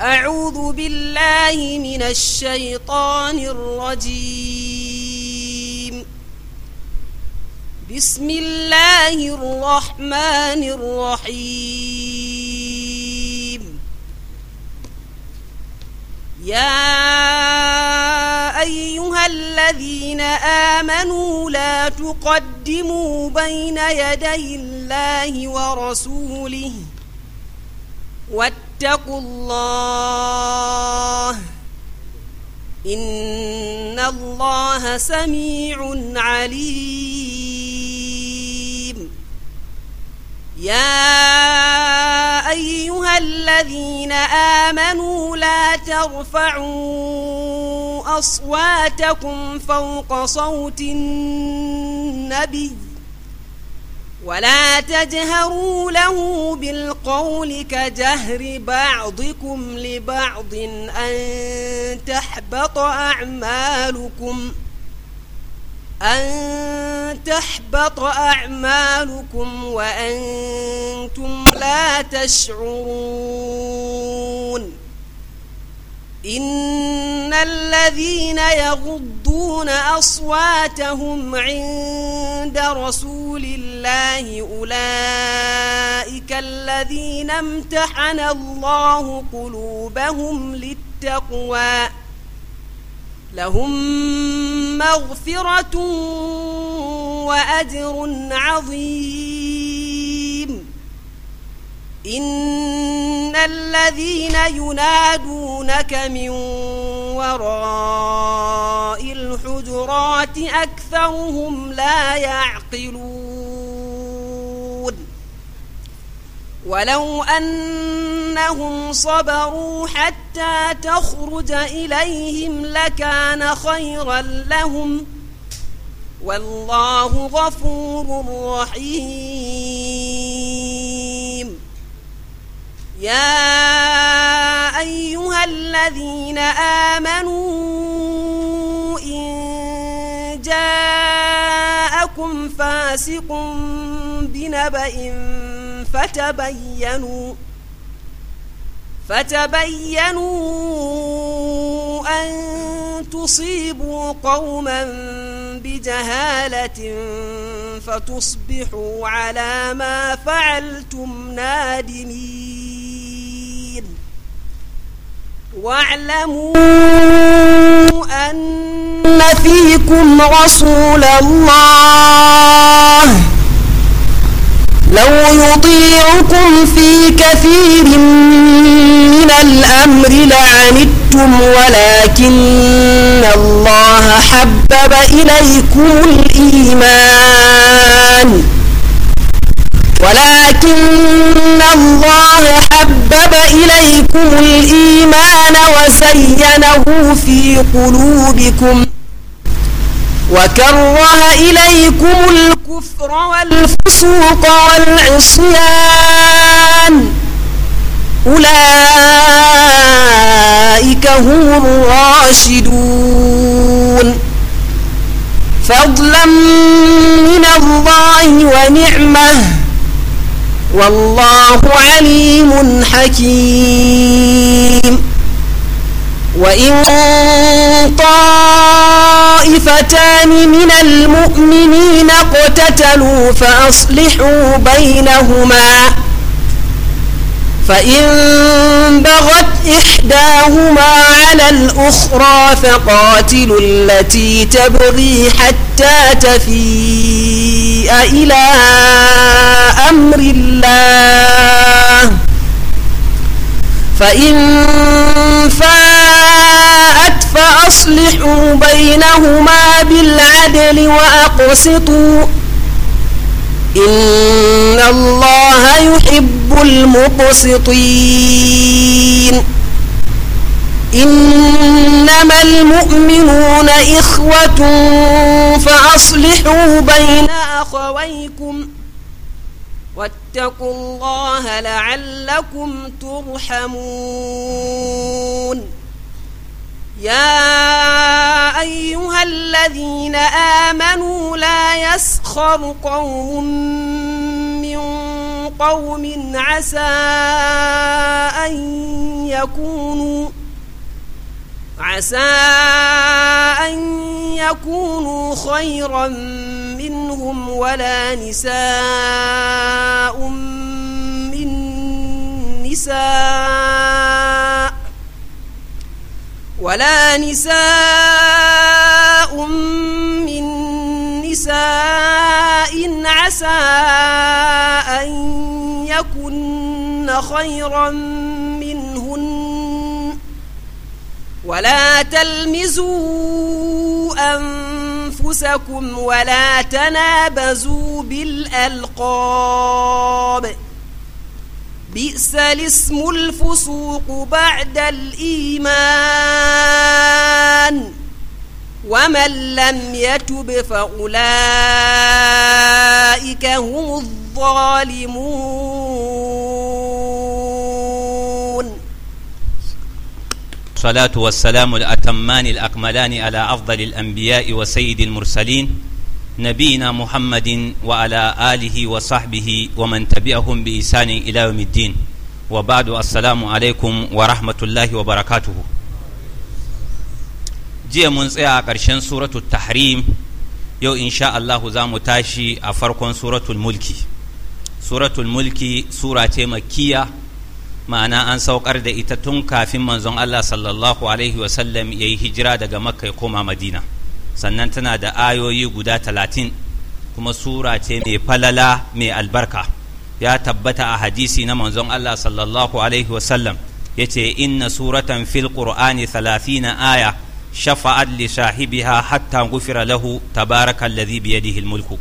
أعوذ بالله من الشيطان الرجيم بسم الله الرحمن الرحيم يا أيها الذين آمنوا لا تقدموا بين يدي الله ورسوله واتقوا واتقوا الله إن الله سميع عليم يا أيها الذين آمنوا لا ترفعوا أصواتكم فوق صوت النبي ولا تجهروا له بالقول كجهر بعضكم لبعض أن تحبط أعمالكم أن تحبط أعمالكم وأنتم لا تشعرون إن الذين يغضون أصواتهم عند رسول الله أولئك الذين امتحن الله قلوبهم للتقوى لهم مغفرة وأجر عظيم إن الذين ينادونك من وراء الحجرات أكثرهم لا يعقلون ولو أنهم صبروا حتى تخرج إليهم لكان خيرا لهم والله غفور رحيم يا أيها الذين آمنوا إن جاءكم فاسق بنبأ فتبينوا فتبينوا أن تصيبوا قوما بجهالة فتصبحوا على ما فعلتم نادمين واعلموا أن فيكم رسول الله لو يطيعكم في كثير من الأمر لعنتم ولكن الله حبب إليكم الإيمان ولكن الله حبب إليكم الإيمان وزينه في قلوبكم وكره إليكم الكفر والفسوق والعصيان أولئك هم الراشدون فضلا من الله ونعمه والله عليم حكيم وإن طائفتان من المؤمنين اقتتلوا فأصلحوا بينهما فإن بغت إحداهما على الأخرى فقاتلوا التي تبغي حتى تفيء إلى أمر الله فإن فاءت فأصلحوا بينهما بالعدل وأقسطوا إن الله يحب المقسطين إنما المؤمنون إخوة فأصلحوا بين أخويكم واتقوا الله لعلكم ترحمون يا أيها الذين آمنوا لا يسخر قوم من قوم عسى أن يكونوا عسى أن يكونوا خيرا منهم ولا نساء من نساء ولا نساء من نساء عسى أن يكن خيرا منهن ولا تلمزوا أنفسكم ولا تنابزوا بالألقاب بئس الاسم الفسوق بعد الإيمان ومن لم يتب فأولئك هم الظالمون صلاة والسلام الأتمان الأكملان على أفضل الأنبياء وسيد المرسلين نبينا محمد وعلى آله وصحبه ومن تبعهم بإحسان إلى يوم الدين وبعد السلام عليكم ورحمة الله وبركاته جي من سيا قرشن سورة التحريم يو إن شاء الله زام تاشي أفركن سورة الملك سورة الملك سورة مكية ma'ana an saukar da ita tun kafin manzon Allah sallallahu alaihi wasallam ya yi hijira daga makka ya koma madina sannan tana da ayoyi guda talatin kuma sura ce mai falala mai albarka ya tabbata a hadisi na manzon Allah sallallahu alaihi wasallam ya ce inna suratan fil qur'ani thalathina aya shafa'at li sahibiha hatta gufira lahu tabaraka alladhi bi yadihi mulku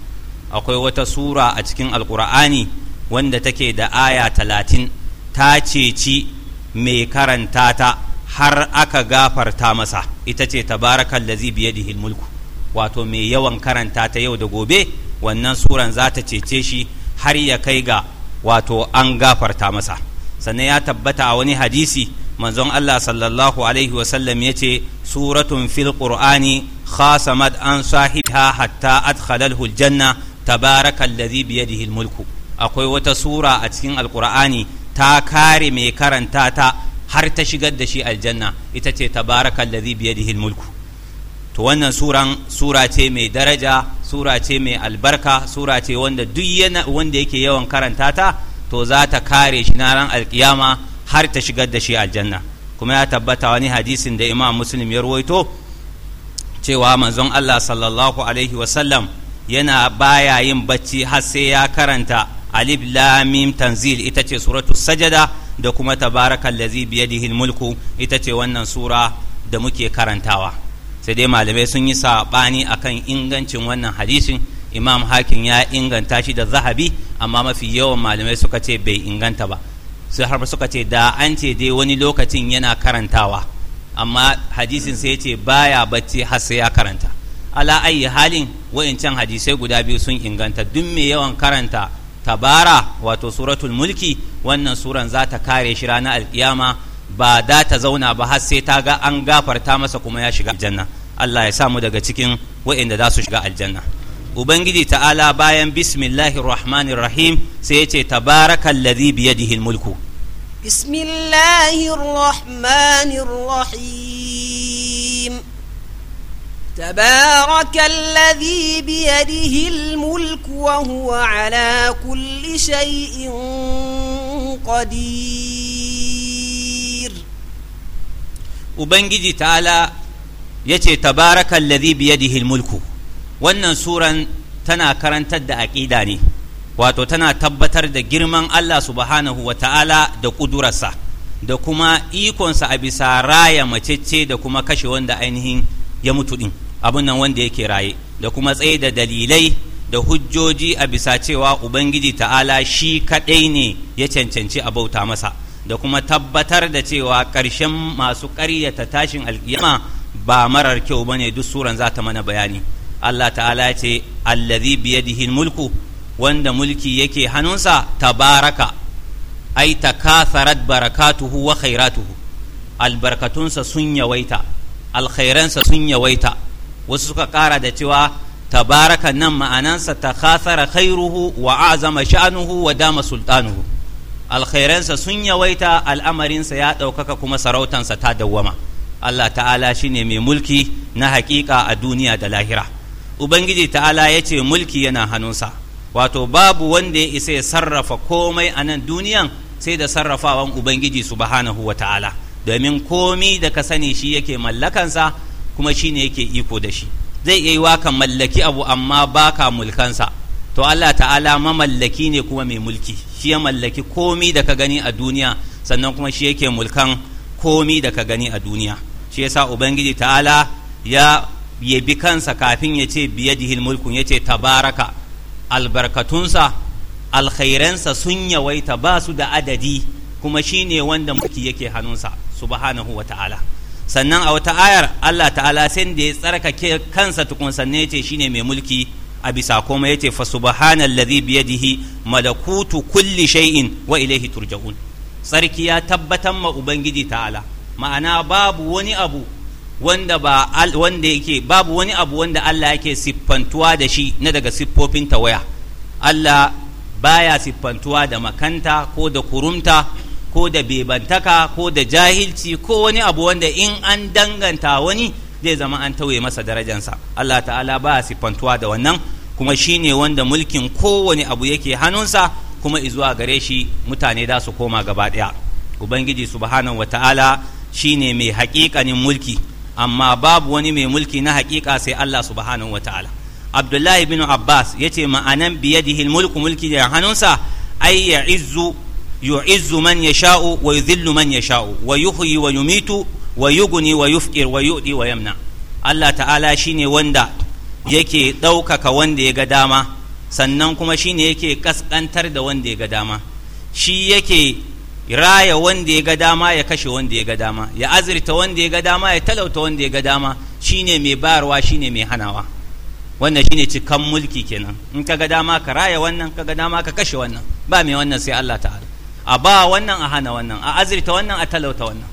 akwai wata sura a cikin alqur'ani wanda take da aya talatin ta ce ci mai karanta ta har aka gafarta masa ita ce lazi ladzi da mulku wato mai yawan karanta ta yau da gobe wannan suran za ta cece shi har ya kai ga wato an gafarta masa sannan ya tabbata a wani hadisi manzon Allah sallallahu alaihi wasallam ya ce suratun fil qur'ani khasamat an sahiha hatta adkhalalhu aljanna tabarakal ladzi biyadihi mulku akwai wata sura a cikin alqur'ani ta kare mai karanta ta har ta shigar da shi aljanna ita ce tabarakal ladhi bi yadihi to wannan suran sura ce mai daraja sura ce mai albarka sura ce wanda duk yana wanda yake yawan karanta ta to za ta kare shi na ran alkiyama har ta shigar da shi aljanna kuma ya tabbata wani hadisin da imam muslim ya ruwaito cewa manzon Allah sallallahu alaihi wasallam yana baya yin bacci har sai ya karanta alif lam mim tanzil ita ce suratu sajada da kuma tabarakan Lazibiya da mulku ita ce wannan sura da muke karantawa sai dai malamai sun yi saɓani akan ingancin wannan hadisin imam hakim ya inganta shi da zahabi amma mafi yawan malamai suka ce bai inganta ba sai har suka ce da an ce dai wani lokacin yana karantawa amma hadisin sai ce baya bacci har sai ya karanta ala ayi halin wa'incan hadisai guda biyu sun inganta duk mai yawan karanta tabara wato suratul mulki wannan suran za ta kare shi ranar alkiyama ba da ta zauna ba har sai ta ga an gafarta masa kuma ya shiga aljanna Allah ya samu daga cikin waɗanda za su shiga aljanna ubangiji ta'ala bayan bismillahir rahmanir rahim sai yace tabarakal ladhi biyadihi mulku bismillahir rahmanir rahim تبارك الذي بيده الملك وهو على كل شيء قدير وبنجي تعالى يتي تبارك الذي بيده الملك wannan suran tana karantar da aƙida ne wato tana tabbatar da girman Allah subhanahu wa ta'ala da ƙudurarsa da kuma ikonsa a bisa raya macece da kuma kashe wanda ainihin ya mutu ɗin Abin nan wanda yake raye da kuma tsaye da dalilai da hujjoji a bisa cewa ubangiji ta'ala shi kaɗai ne ya cancanci a bauta masa da kuma tabbatar da cewa ƙarshen masu ƙaryata tashin alƙiyama ba marar kyau ba ne duk suran za ta mana bayani allah ta'ala ce allazi biyadihi mulku wanda mulki yake hannunsa tabaraka ai takatharat barakatuhu wa khairatuhu albarkatunsa sun yawaita alkhairansa sun yawaita wasu suka ƙara da cewa tabaraka nan ma'anansa ta khasara khairuhu wa azama sha'anuhu wa dama sultanuhu alkhairansa sun yawaita al'amarinsa ya ɗaukaka kuma sarautansa ta dawwama Allah ta'ala shine mai mulki na haƙiƙa a duniya da lahira ubangiji ta'ala ya ce mulki yana hannunsa wato babu wanda ya isa ya sarrafa komai a nan duniyan sai da sarrafawan ubangiji subhanahu wa ta'ala domin komi da ka sani shi yake mallakansa kuma shine yake iko da shi zai iya yi ka mallaki abu amma baka mulkansa to Allah ta'ala mamallaki ne kuma mai mulki shi ya mallaki komi da ka gani a duniya sannan kuma shi yake mulkan komi da ka gani a duniya shi yasa ubangiji ta'ala ya yabi kansa kafin ya ce biyadihil mulkun ya ce tabaraka albarkatunsa alkhairansa sun yawaita ba su da adadi kuma shine wanda mulki yake hannunsa subhanahu wa ta'ala sannan a wata ayar Allah ta'ala sai da ya tsarkake kansa tukun sannan yace shine mai mulki a bisa kuma yace fa subhanallazi biyadihi malakutu kulli shay'in wa ilayhi turja'un sarki ya tabbatar ma ubangiji ta'ala ma'ana babu wani abu wanda ba wanda yake babu wani abu wanda Allah yake siffantuwa da shi na daga siffofin tawaya Allah baya siffantuwa da makanta ko da kurumta ko da bebantaka ko da jahilci ko wani abu wanda in an danganta wani zai zama an tauye masa darajansa Allah ta'ala ba siffantuwa da wannan kuma shine wanda mulkin kowane abu yake hannunsa kuma izuwa gare shi mutane da su koma gaba ɗaya ubangiji subhanahu shi shine mai haƙiƙanin mulki amma babu wani mai mulki na haƙiƙa sai Allah subhanahu ta'ala. abdullahi bin abbas ya ce ma'anan da mulku mulki da hannunsa Ai ya izu yu'izzu man yasha'u wa yudhillu man yasha'u wa yuhyi wa yumitu wa yughni wa yufqir wa yu'ti wa yamna Allah ta'ala shine wanda yake ɗaukaka wanda ya ga dama sannan kuma shi ne yake kaskantar da wanda ya ga dama shi yake raya wanda ya ga dama ya kashe wanda ya ga dama ya azirta wanda ya ga dama ya talauta wanda ya ga dama shi ne mai bayarwa shi ne mai hanawa wannan shi ne cikan mulki kenan in ka ga dama ka raya wannan ka ga dama ka kashe wannan ba mai wannan sai Allah ta'ala a ba wannan a hana wannan a azirta wannan a talauta wannan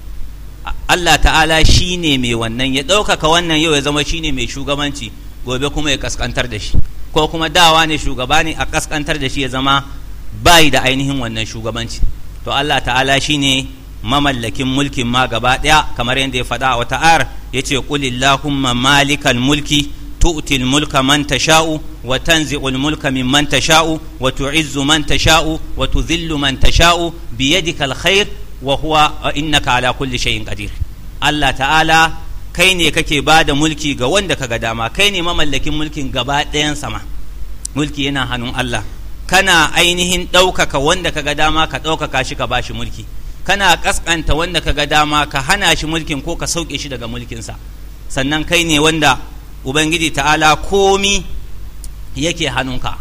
Allah ta'ala shi ne mai wannan ya ɗaukaka wannan yau ya zama shi ne mai shugabanci gobe kuma ya kaskantar da shi ko kuma dawa ne shugaba ne a kaskantar da shi ya zama bayi da ainihin wannan shugabanci to Allah ta'ala shi ne mamallakin mulkin ma gaba ɗaya kamar yadda ya faɗa a wata ayar ya ce qulillahumma malikal mulki تؤتي الملك من تشاء وتنزع الملك ممن تشاء وتعز من تشاء وتذل من تشاء بيدك الخير وهو إنك على كل شيء قدير الله تعالى kai ne kake ba da mulki ga wanda kaga dama kai ne mamallakin mulkin gaba ɗayan sama mulki yana hannun Allah kana ainihin ɗaukaka wanda kaga dama ka ɗaukaka shi ka bashi mulki kana ƙasƙanta wanda kaga dama ka hana shi mulkin ko ka sauke shi daga mulkinsa sannan kai ne wanda ubangiji ta'ala komi yake hannunka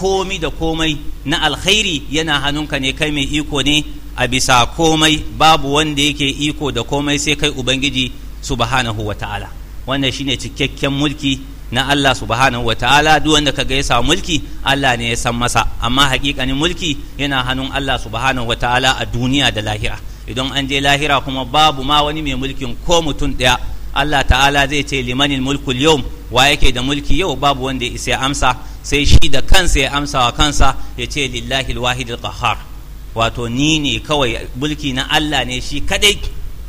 komi da komai na alkhairi yana hannunka ne kai mai iko ne a bisa komai babu wanda yake iko da komai sai kai ubangiji subhanahu wa ta'ala wannan shine cikakken mulki na Allah subhanahu wa ta'ala duk wanda kaga ya samu mulki Allah ne ya san masa amma hakikanin mulki yana hannun Allah subhanahu wa ta'ala a duniya da lahira idan an je lahira kuma babu ma wani mai mulkin ko mutum daya. Allah ta'ala zai ce limanin mulku yau wa yake da mulki yau babu wanda ya isa amsa sai shi da kansa ya amsa wa kansa ya ce lillahi alwahidul kahar wato ni ne kawai mulki na Allah ne shi kadai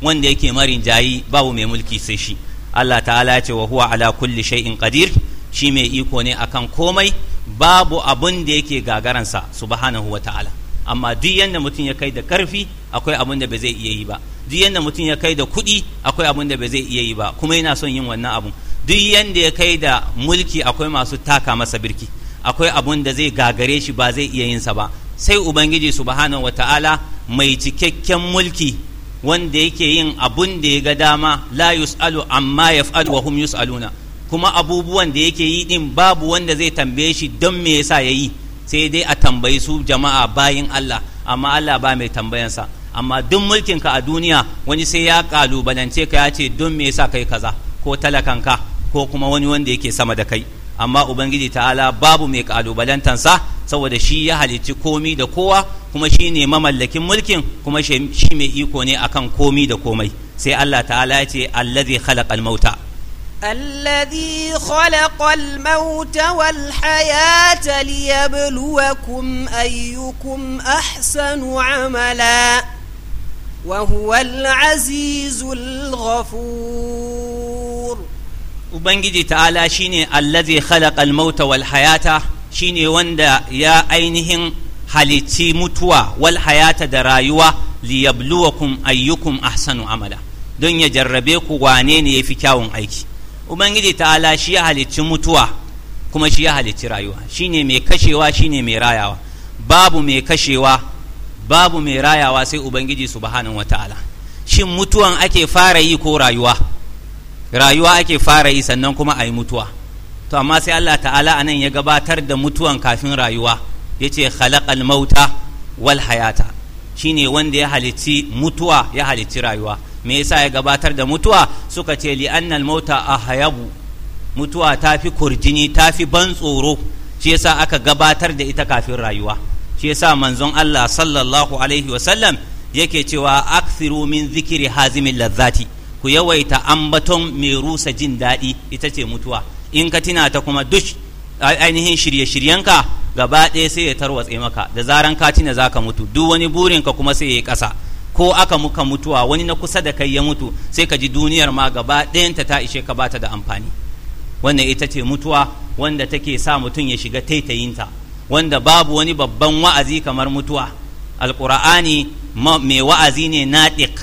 wanda yake marin jayi babu mai mulki sai shi Allah ta'ala ya ce wa huwa ala kulli shay'in qadir shi mai iko ne akan komai babu abun da yake gagaransa subhanahu wa ta'ala amma duk yanda mutum ya kai da karfi akwai abun da ba zai iya yi ba duk yanda mutum ya kai da kuɗi akwai abin da ba zai iya yi ba kuma yana son yin wannan abun duk yanda ya kai da mulki akwai masu taka masa birki akwai abun da zai gagare shi ba zai iya yin sa ba sai ubangiji subhanahu wataala mai cikakken mulki wanda yake yin abun da ya ga dama la yus'alu amma yaf'alu wa hum yus'aluna kuma abubuwan da yake yi din babu wanda zai tambaye shi don me yasa yayi sai dai a tambayi su jama'a bayin Allah amma Allah ba mai tambayansa amma duk mulkin ka a duniya wani sai ya kalubalance ka ya ce don me yasa kai kaza ko talakanka ko kuma wani wanda yake sama da kai amma ubangiji ta'ala babu mai kalubalantansa saboda shi ya halicci komi da kowa kuma shi ne mamallakin mulkin kuma shi mai iko ne akan komi da komai sai Allah ta'ala ya ce allazi khalaqal mauta الذي خلق الموت والحياة ليبلوكم أيكم أحسن عملاً وهو العزيز الغفور ubangiji ta'ala shine allazi khalaqa al-mauta wal hayata shine wanda ya ainihin halitti mutuwa wal hayata da rayuwa liyabluwakum ayyukum ahsanu amala don ya jarrabe ku wane ne yafi kyawun aiki ubangiji ta'ala shi ya halicci mutuwa kuma shi ya halicci rayuwa ne mai kashewa ne mai rayawa babu mai kashewa babu mai rayawa sai ubangiji subhanahu wataala shin mutuwan ake fara yi ko rayuwa rayuwa ake fara yi sannan kuma a yi mutuwa to amma sai Allah ta'ala a nan ya gabatar da mutuwan kafin rayuwa ya ce khalaƙal mauta wal hayata shine wanda ya halicci mutuwa ya halicci rayuwa me yasa ya gabatar da mutuwa suka ce li annal mauta hayabu mutuwa ta fi kurjini ta fi ban tsoro shi yasa aka gabatar da ita kafin rayuwa shi yasa manzon Allah sallallahu alaihi wasallam yake cewa akthiru min zikiri hazimin lazzati ku yawaita ambaton mai rusa jin daɗi ita ce mutuwa in ka tina ta kuma duk ainihin shirye-shiryenka gaba ɗaya sai ya tarwatse maka da zaran ka tina za ka mutu duk wani burin ka kuma sai ya yi ko aka muka mutuwa wani na kusa da kai ya mutu sai ka ji duniyar ma gaba ɗayanta ta ishe ka bata da amfani wannan ita ce mutuwa wanda take sa mutum ya shiga taitayinta wanda babu wani babban wa'azi kamar mutuwa alqur'ani mai wa'azi ne naɗiq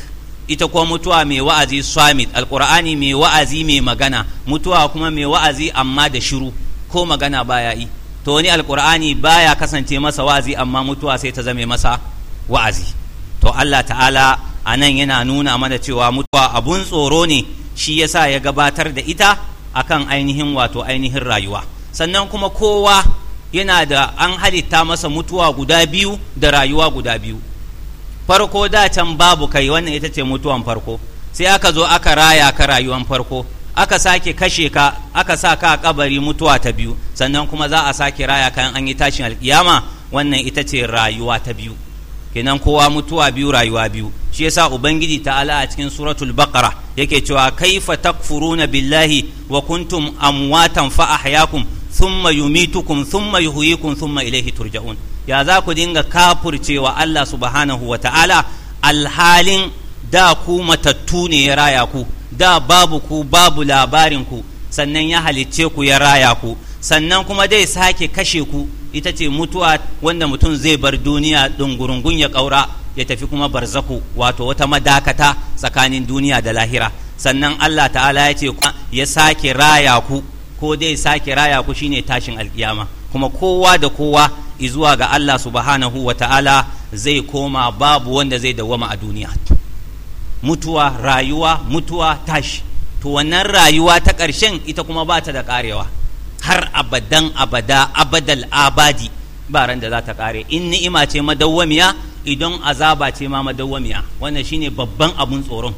ita kuma mutuwa mai wa'azi swamit alqur'ani mai wa'azi mai magana mutuwa kuma mai wa'azi amma da shiru ko magana baya yi to wani ba baya kasance masa wa'azi amma mutuwa sai ta zame masa wa'azi to Allah ta'ala a nan yana nuna mana cewa mutuwa abun tsoro ne shi yasa ya gabatar da ita akan ainihin wato ainihin rayuwa sannan kuma kowa yana da an halitta masa mutuwa guda biyu da rayuwa guda biyu farko da can babu kai wannan ita ce mutuwan farko sai aka zo aka raya ka rayuwan farko aka sake kashe ka aka sa ka a kabari mutuwa ta biyu sannan kuma za a sake raya ka an yi tashin alkiyama wannan ita ce rayuwa ta biyu kenan kowa mutuwa biyu rayuwa biyu shi yasa ubangiji ta ala a cikin suratul baqara yake cewa kaifa takfuruna billahi wa kuntum amwatan fa hayakun. thumma yumitukum thumma yuhyikum thumma ilayhi turja'un ya za ku dinga kafurcewa Allah subhanahu wa ta'ala alhalin da ku matattu ne ya raya ku da babu ku babu labarin ku sannan ya halicce ku ya raya ku sannan kuma dai sake kashe ku ita ce mutuwa wanda mutum zai bar duniya dungurungun ya kaura ya tafi kuma barzaku wato wata madakata tsakanin duniya da lahira sannan Allah ta'ala ya ce ya sake raya ku ko dai sake raya ku shine tashin alkiyama kuma kowa da kowa izuwa ga Allah subhanahu wa ta'ala zai koma babu wanda zai dawama a duniya mutuwa rayuwa mutuwa tashi to wannan rayuwa ta ƙarshen ita kuma ba ta da ƙarewa har abadan abada abadal abadi ba ran da za ta ƙare in ni'ima ce madawwamiya idan azaba ce ma madawwamiya wannan shine babban abun tsoron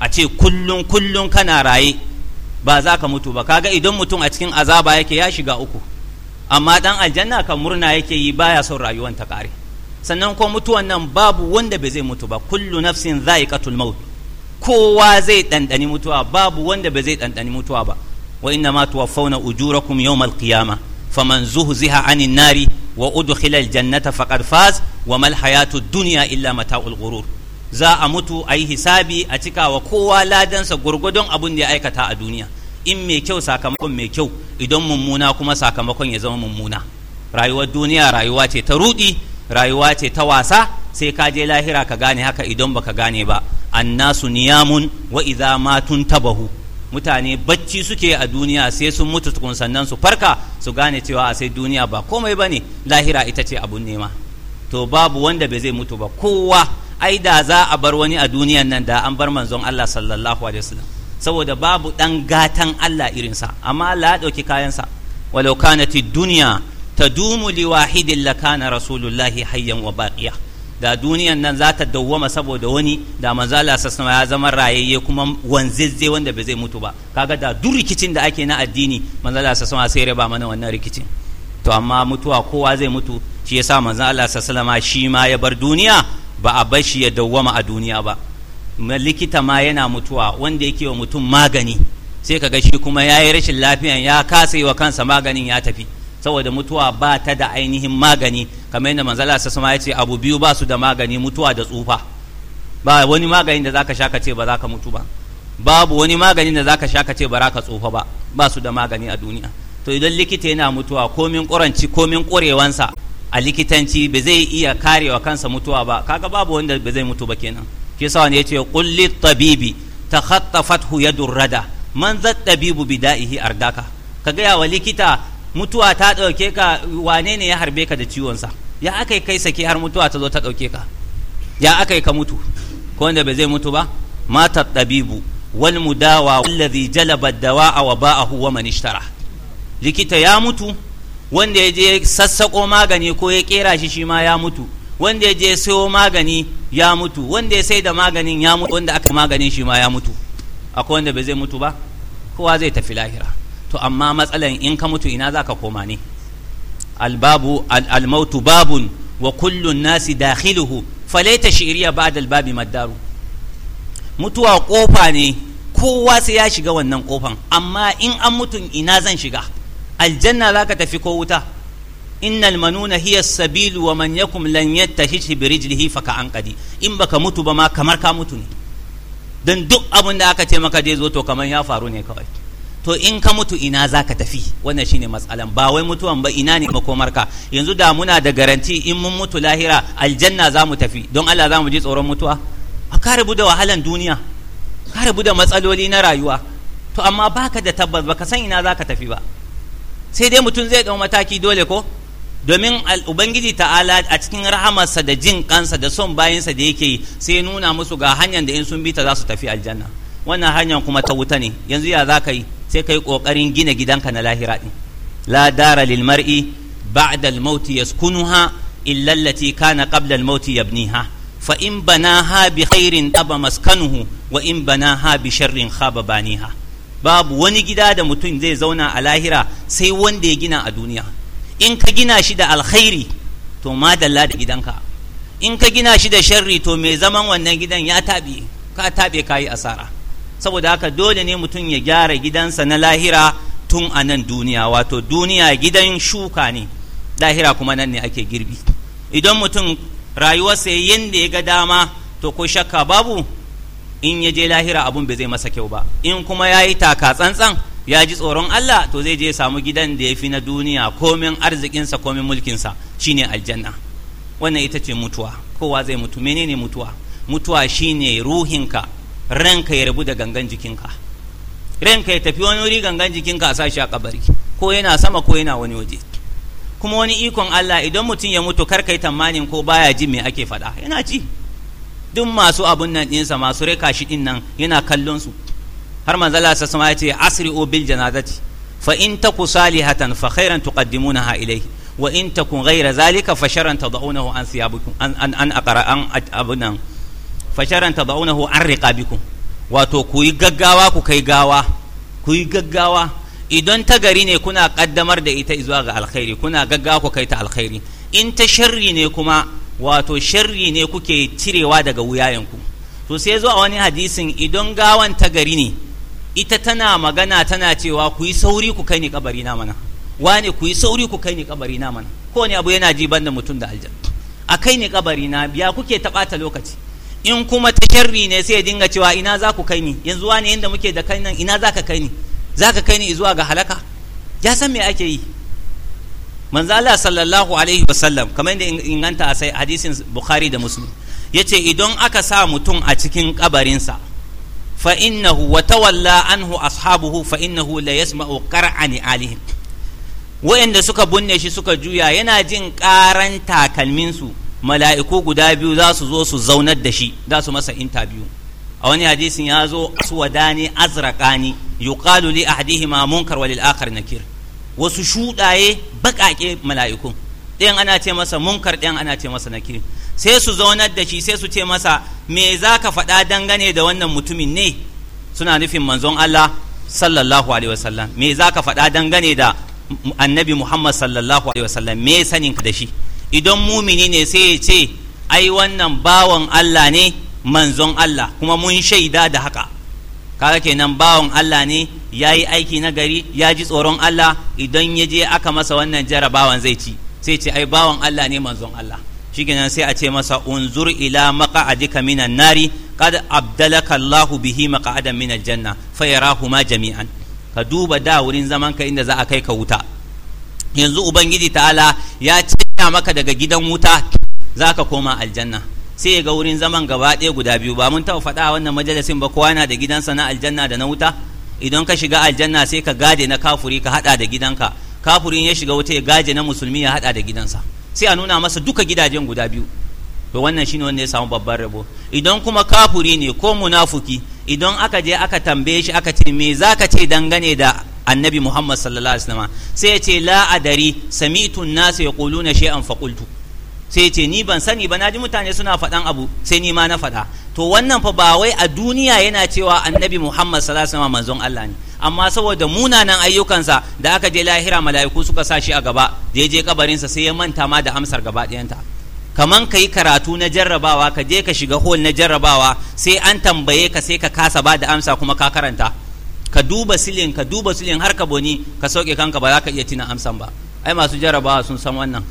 a ce kullum kullum kana raye ba za ka mutu ba kaga idan mutum a cikin azaba yake ya shiga uku amma dan aljanna kan murna yake yi baya son rayuwar ta kare sannan ko mutuwan nan babu wanda bai zai mutu ba kullu nafsin za'iqatul maut kowa zai dandani mutuwa babu wanda bai zai dandani mutuwa ba wa inna ma tuwaffawna ujurakum yawmal qiyamah faman zuhziha anin nari wa udkhila aljannata faqad faz wa mal hayatud dunya illa mata'ul ghurur za a mutu a yi hisabi a cika wa kowa ladansa gurgudun abin da ya aikata a duniya in mai kyau sakamakon mai kyau idan mummuna kuma sakamakon ya zama mummuna rayuwar duniya rayuwa ce ta rudi rayuwa ce ta wasa sai ka je lahira ka gane haka idan baka gane ba annasu niyamun wa idza matun tabahu mutane bacci suke a duniya sai sun mutu tukun sannan su farka su gane cewa a sai duniya ba komai ba ne lahira ita ce abun nema to babu wanda bai zai mutu ba kowa ai da za a bar wani a duniyan nan da an bar manzon Allah sallallahu alaihi wasallam saboda babu ɗan gatan Allah irinsa amma Allah ya ɗauki kayansa walau kanati dunya tadumu liwahidin lakana rasulullahi hayyan wa baqiya da duniyan nan za ta dawwama saboda wani da manzala sassama ya zama rayayye kuma wanzizze wanda bai zai mutu ba kaga da duk rikicin da ake na addini manzala sassama sai raba mana wannan rikicin to amma mutuwa kowa zai mutu shi yasa manzala sassama shi ma ya bar duniya ba a bar ya dawwama a duniya ba likita ma yana mutuwa wanda yake wa mutum magani sai ka shi kuma ya yi rashin lafiyan ya kasa yi wa kansa maganin ya tafi saboda mutuwa ba ta da ainihin magani kamar yadda manzala sassama ya ce abu biyu ba su da magani mutuwa da tsufa ba wani maganin da zaka sha ka ce ba za ka mutu ba babu wani maganin da zaka sha ka ce ba za ka tsufa ba ba su da magani a duniya to idan likita yana mutuwa komin ƙuranci komin ƙurewansa a likitanci ba zai iya karewa kansa mutuwa ba kaga babu wanda ba zai mutu ba kenan kisa wani ya ce lit tabibi takhattafathu ya durrada man zat tabibu bida'ihi ardaka ka gaya wa likita mutuwa ta ɗauke ka wane ne ya harbe ka da ciwon sa ya yi kai sake har mutuwa ta zo ta ɗauke ka ya yi ka mutu ko wanda bai zai mutu ba mata tabibu wal mudawa wallazi jalaba dawa'a wa a wa man ishtara likita ya mutu wanda ya je sassako magani ko ya kera shi shi ma ya mutu wanda ya je sayo magani ya mutu wanda ya sai da maganin ya mutu wanda aka maganin shi ma ya mutu akwai wanda bai zai mutu ba kowa zai tafi lahira to amma matsalan in ka mutu ina za ka koma ne albabu almautu babun wa kullun nasi dakhiluhu falaita shi'riya ba'da albabi madaru mutuwa kofa ne kowa sai ya shiga wannan kofan amma in an mutun ina zan shiga aljanna zaka tafi ko wuta innal manuna hiya sabil wa man yakum lan yattahish bi rijlihi faka ka anqadi in baka mutu ba ma kamar ka mutu ne dan duk abin da aka ce maka zai zo to kamar ya faru ne kawai to in ka mutu ina za ka tafi wannan shine matsalan ba wai mutuwan ba ina ne makomarka yanzu da muna da garanti in mun mutu lahira aljanna za mu tafi don Allah za mu ji tsoron mutuwa a ka rabu da wahalan duniya ka rabu da matsaloli na rayuwa to amma baka da tabbas baka san ina za ka tafi ba sai dai mutum zai ɗau mataki dole ko domin ubangiji ta'ala a cikin rahamarsa da jin kansa da son bayansa da yake sai nuna musu ga hanyar da in sun bi ta za su tafi aljanna wannan hanyar kuma ta wuta ne yanzu ya za ka yi sai ka yi ƙoƙarin gina gidanka na lahira ɗin la dara lil mar'i ba'da al mauti yaskunuha illa allati kana qabla al mauti yabniha fa in banaha bi khairin taba maskanuhu wa in banaha bi sharrin khaba baniha babu wani gida da mutum zai zauna a lahira sai wanda ya gina a duniya in ka gina shi da alkhairi to madalla da gidanka in ka gina shi da sharri to mai zaman wannan gidan ya taɓe ka taɓe ka yi asara saboda haka dole ne mutum ya gyara gidansa na lahira tun a nan duniya wato duniya gidan shuka ne lahira kuma nan ne ake girbi idan mutum rayuwarsa yadda ya ga dama to ko shakka babu in ya je lahira abun bai zai masa kyau ba in kuma ya yi taka tsantsan ya ji tsoron Allah to zai je samu gidan da ya fi na duniya komin arzikinsa komin mulkinsa shine aljanna wannan ita ce mutuwa kowa zai mutu menene mutuwa mutuwa shine ruhinka ranka ya rabu da gangan jikinka ranka ya tafi wani wuri gangan jikinka a sashi a kabari ko yana sama ko yana wani waje kuma wani ikon Allah idan mutum ya mutu kar yi tamanin ko baya ji me ake faɗa yana ci duk masu abun nan ɗinsa masu reka shi ɗin nan yana kallon su har manzo Allah sallallahu alaihi wasallam ya ce asri'u bil janazati fa in taku salihatan fa khairan tuqaddimunaha ilayhi wa in takun ghaira zalika fa sharran tad'unahu an thiyabikum an an an aqra an abunan fa sharran tad'unahu an riqabikum wato ku yi gaggawa ku kai gawa ku yi gaggawa idan ta gari ne kuna kaddamar da ita zuwa ga alkhairi kuna gaggawa ku kai ta alkhairi in ta sharri ne kuma wato sharri ne kuke cirewa daga wuyayenku to sai zuwa wani hadisin idan gawan ta gari ne ita tana magana tana cewa ku yi sauri ku kai ni kabari na mana wane ku yi sauri ku kai ni kabari na mana ko ne abu yana jiban da mutum da aljan a kai ni kabari na biya kuke ta bata lokaci in kuma ta sharri ne sai ya dinga cewa ina za ku kai ni yanzu wane yanda muke da kai nan ina za ka kai ni za ka kai ni zuwa ga halaka ya san me ake yi manzo Allah sallallahu alaihi wasallam kamar yadda inganta a sai hadisin Bukhari da Muslim yace idan aka sa mutum a cikin kabarinsa فإنه وتولى anhu أصحابه فإنه لا يسمع قرعا آلهم وإن سكا بني شي سكا جويا ينا جن قارن تاكلمنسو mala'iku guda biyu za su zo su zaunar da shi za su masa intabiyu a wani hadisin ya zo aswadani azraqani yuqalu li ahdihima munkar walil akhar nakir wasu shudaye bakake mala'ikun ɗayan ana ce masa munkar ɗayan ana ce masa nakir sai su zaunar da shi sai su ce masa me za ka faɗa dangane da wannan mutumin ne suna nufin manzon Allah sallallahu alaihi wasallam me za ka faɗa dangane da annabi Muhammad sallallahu alaihi wasallam me sanin ka da shi idan mumini ne sai ya ce ai wannan bawan Allah ne manzon Allah kuma mun shaida da haka kaga kenan bawan Allah ne ya yi aiki na gari ya ji tsoron Allah idan ya je aka masa wannan jarabawan zai ci sai ce ai bawan Allah ne manzon Allah shikenan sai a ce masa unzur ila maqa'adika minan nari qad abdalaka Allah bihi maqa'adan minal janna ma jami'an ka duba da wurin zaman ka inda za a kai ka wuta yanzu ubangiji ta'ala ya canya maka daga gidan wuta za ka koma aljanna sai ga wurin zaman gaba ɗaya guda biyu ba mun taɓa faɗa wannan majalisin ba kowa yana da gidansa na aljanna da na wuta idan ka shiga aljanna sai ka gade na kafuri ka haɗa da gidanka kafurin ya shiga wuta ya gaje na musulmi ya haɗa da gidansa sai a nuna masa duka gidajen guda biyu to wannan shine wanda ya samu babban rabo idan kuma kafuri ne ko munafuki idan aka je aka tambaye shi aka ce me zaka ce dangane da annabi muhammad sallallahu alaihi wasallam sai ya ce la adari sami'tu an yaquluna shay'an faqultu sai ya ce ni ban sani ba na ji mutane suna faɗan abu sai ni ma na faɗa to wannan fa ba wai a duniya yana cewa annabi muhammad sallallahu alaihi wasallam manzon Allah ne amma saboda munanan ayyukansa da aka je lahira mala'iku suka sa shi a gaba da ya je kabarinsa sai ya manta ma da amsar gaba ɗayanta kaman ka yi karatu na jarrabawa ka je ka shiga hol na jarrabawa sai an tambaye ka sai ka kasa ba da amsa kuma ka karanta ka duba silin ka duba silin har ka boni ka sauke kanka ba za ka iya tina amsan ba ai masu jarrabawa sun san wannan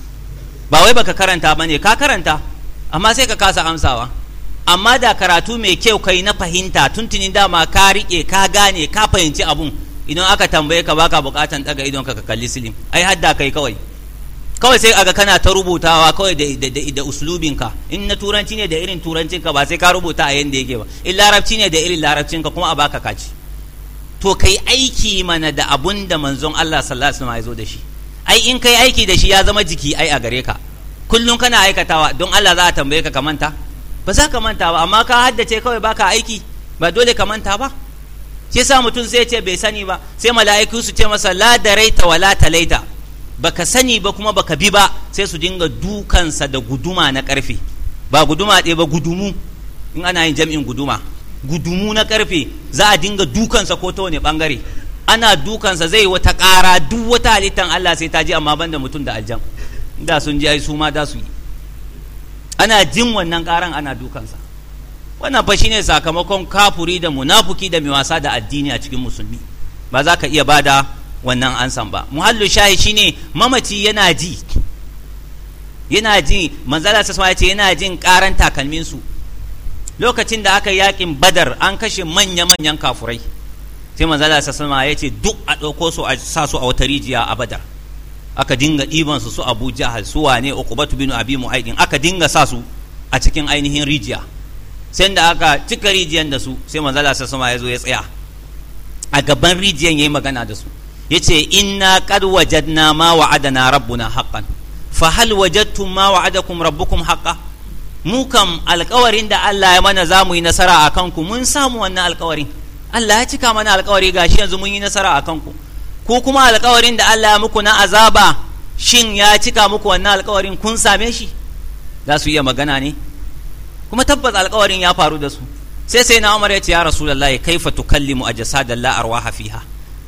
ba wai baka karanta ba ne ka karanta amma sai ka kasa amsawa amma da karatu mai kyau kai na fahimta tuntunin dama ka rike ka gane ka fahimci abun idan aka tambaye ka baka bukatan daga idon ka kalli silim ai hadda kai kawai kawai sai aga kana ta rubutawa kawai da, da, uslubinka in na turanci ne da irin turancinka ba sai ka rubuta a yanda yake ba in larabci ne da irin larabcinka kuma a baka kaci to kai aiki mana da abun da manzon Allah sallallahu alaihi wasallam ya zo da shi ai in kai aiki da shi ya zama jiki ai a gare ka kullum kana aikatawa don Allah za a tambaye ka ka manta ba za ka manta ba amma ka haddace kawai baka aiki ba dole ka manta ba shi sa mutum sai ce bai sani ba sai mala'iku su ce masa la daraita wa la talaita baka sani ba kuma baka bi ba sai su dinga dukansa da guduma na karfe ba guduma ɗaya ba gudumu in ana yin jam'in guduma gudumu na karfe za a dinga dukansa ko ta wani bangare ana dukansa zai wata kara duk wata halittan Allah sai ta ji amma banda mutum da aljan da sun ji ai su ma da su yi ana jin wannan karan ana dukansa wannan fa shine sakamakon kafuri da munafuki da mai wasa da addini a cikin musulmi ba za ka iya bada wannan ansan ba muhallu shahi shine mamaci yana ji yana ji manzala sa ya ce yana jin karan takalmin su lokacin da aka yakin badar an kashe manya manyan kafurai sai manzala sa ya ce duk a ɗauko su a sa su a wata rijiya a badar aka dinga ɗiban su su abu jahal su wane uku batu bin abi aikin aka dinga sa su a cikin ainihin rijiya sai da aka cika rijiyan da su sai manzala sa sama ya zo ya tsaya a gaban rijiyan yayi magana da su yace inna qad wajadna ma wa'adana rabbuna haqqan fa hal wajadtum ma wa'adakum rabbukum haqqan mu kam alkawarin da Allah ya mana za mu yi nasara a kanku mun samu wannan alƙawarin Allah ya cika mana alkawari gashi yanzu mun yi nasara a kanku ko kuma alkawarin da Allah ya muku na azaba shin ya cika muku wannan alkawarin kun same shi za su iya magana ne kuma tabbas alkawarin ya faru da su sai sai na Umar ya ce ya Rasulullahi kaifa tukallimu ajsadan la arwaha fiha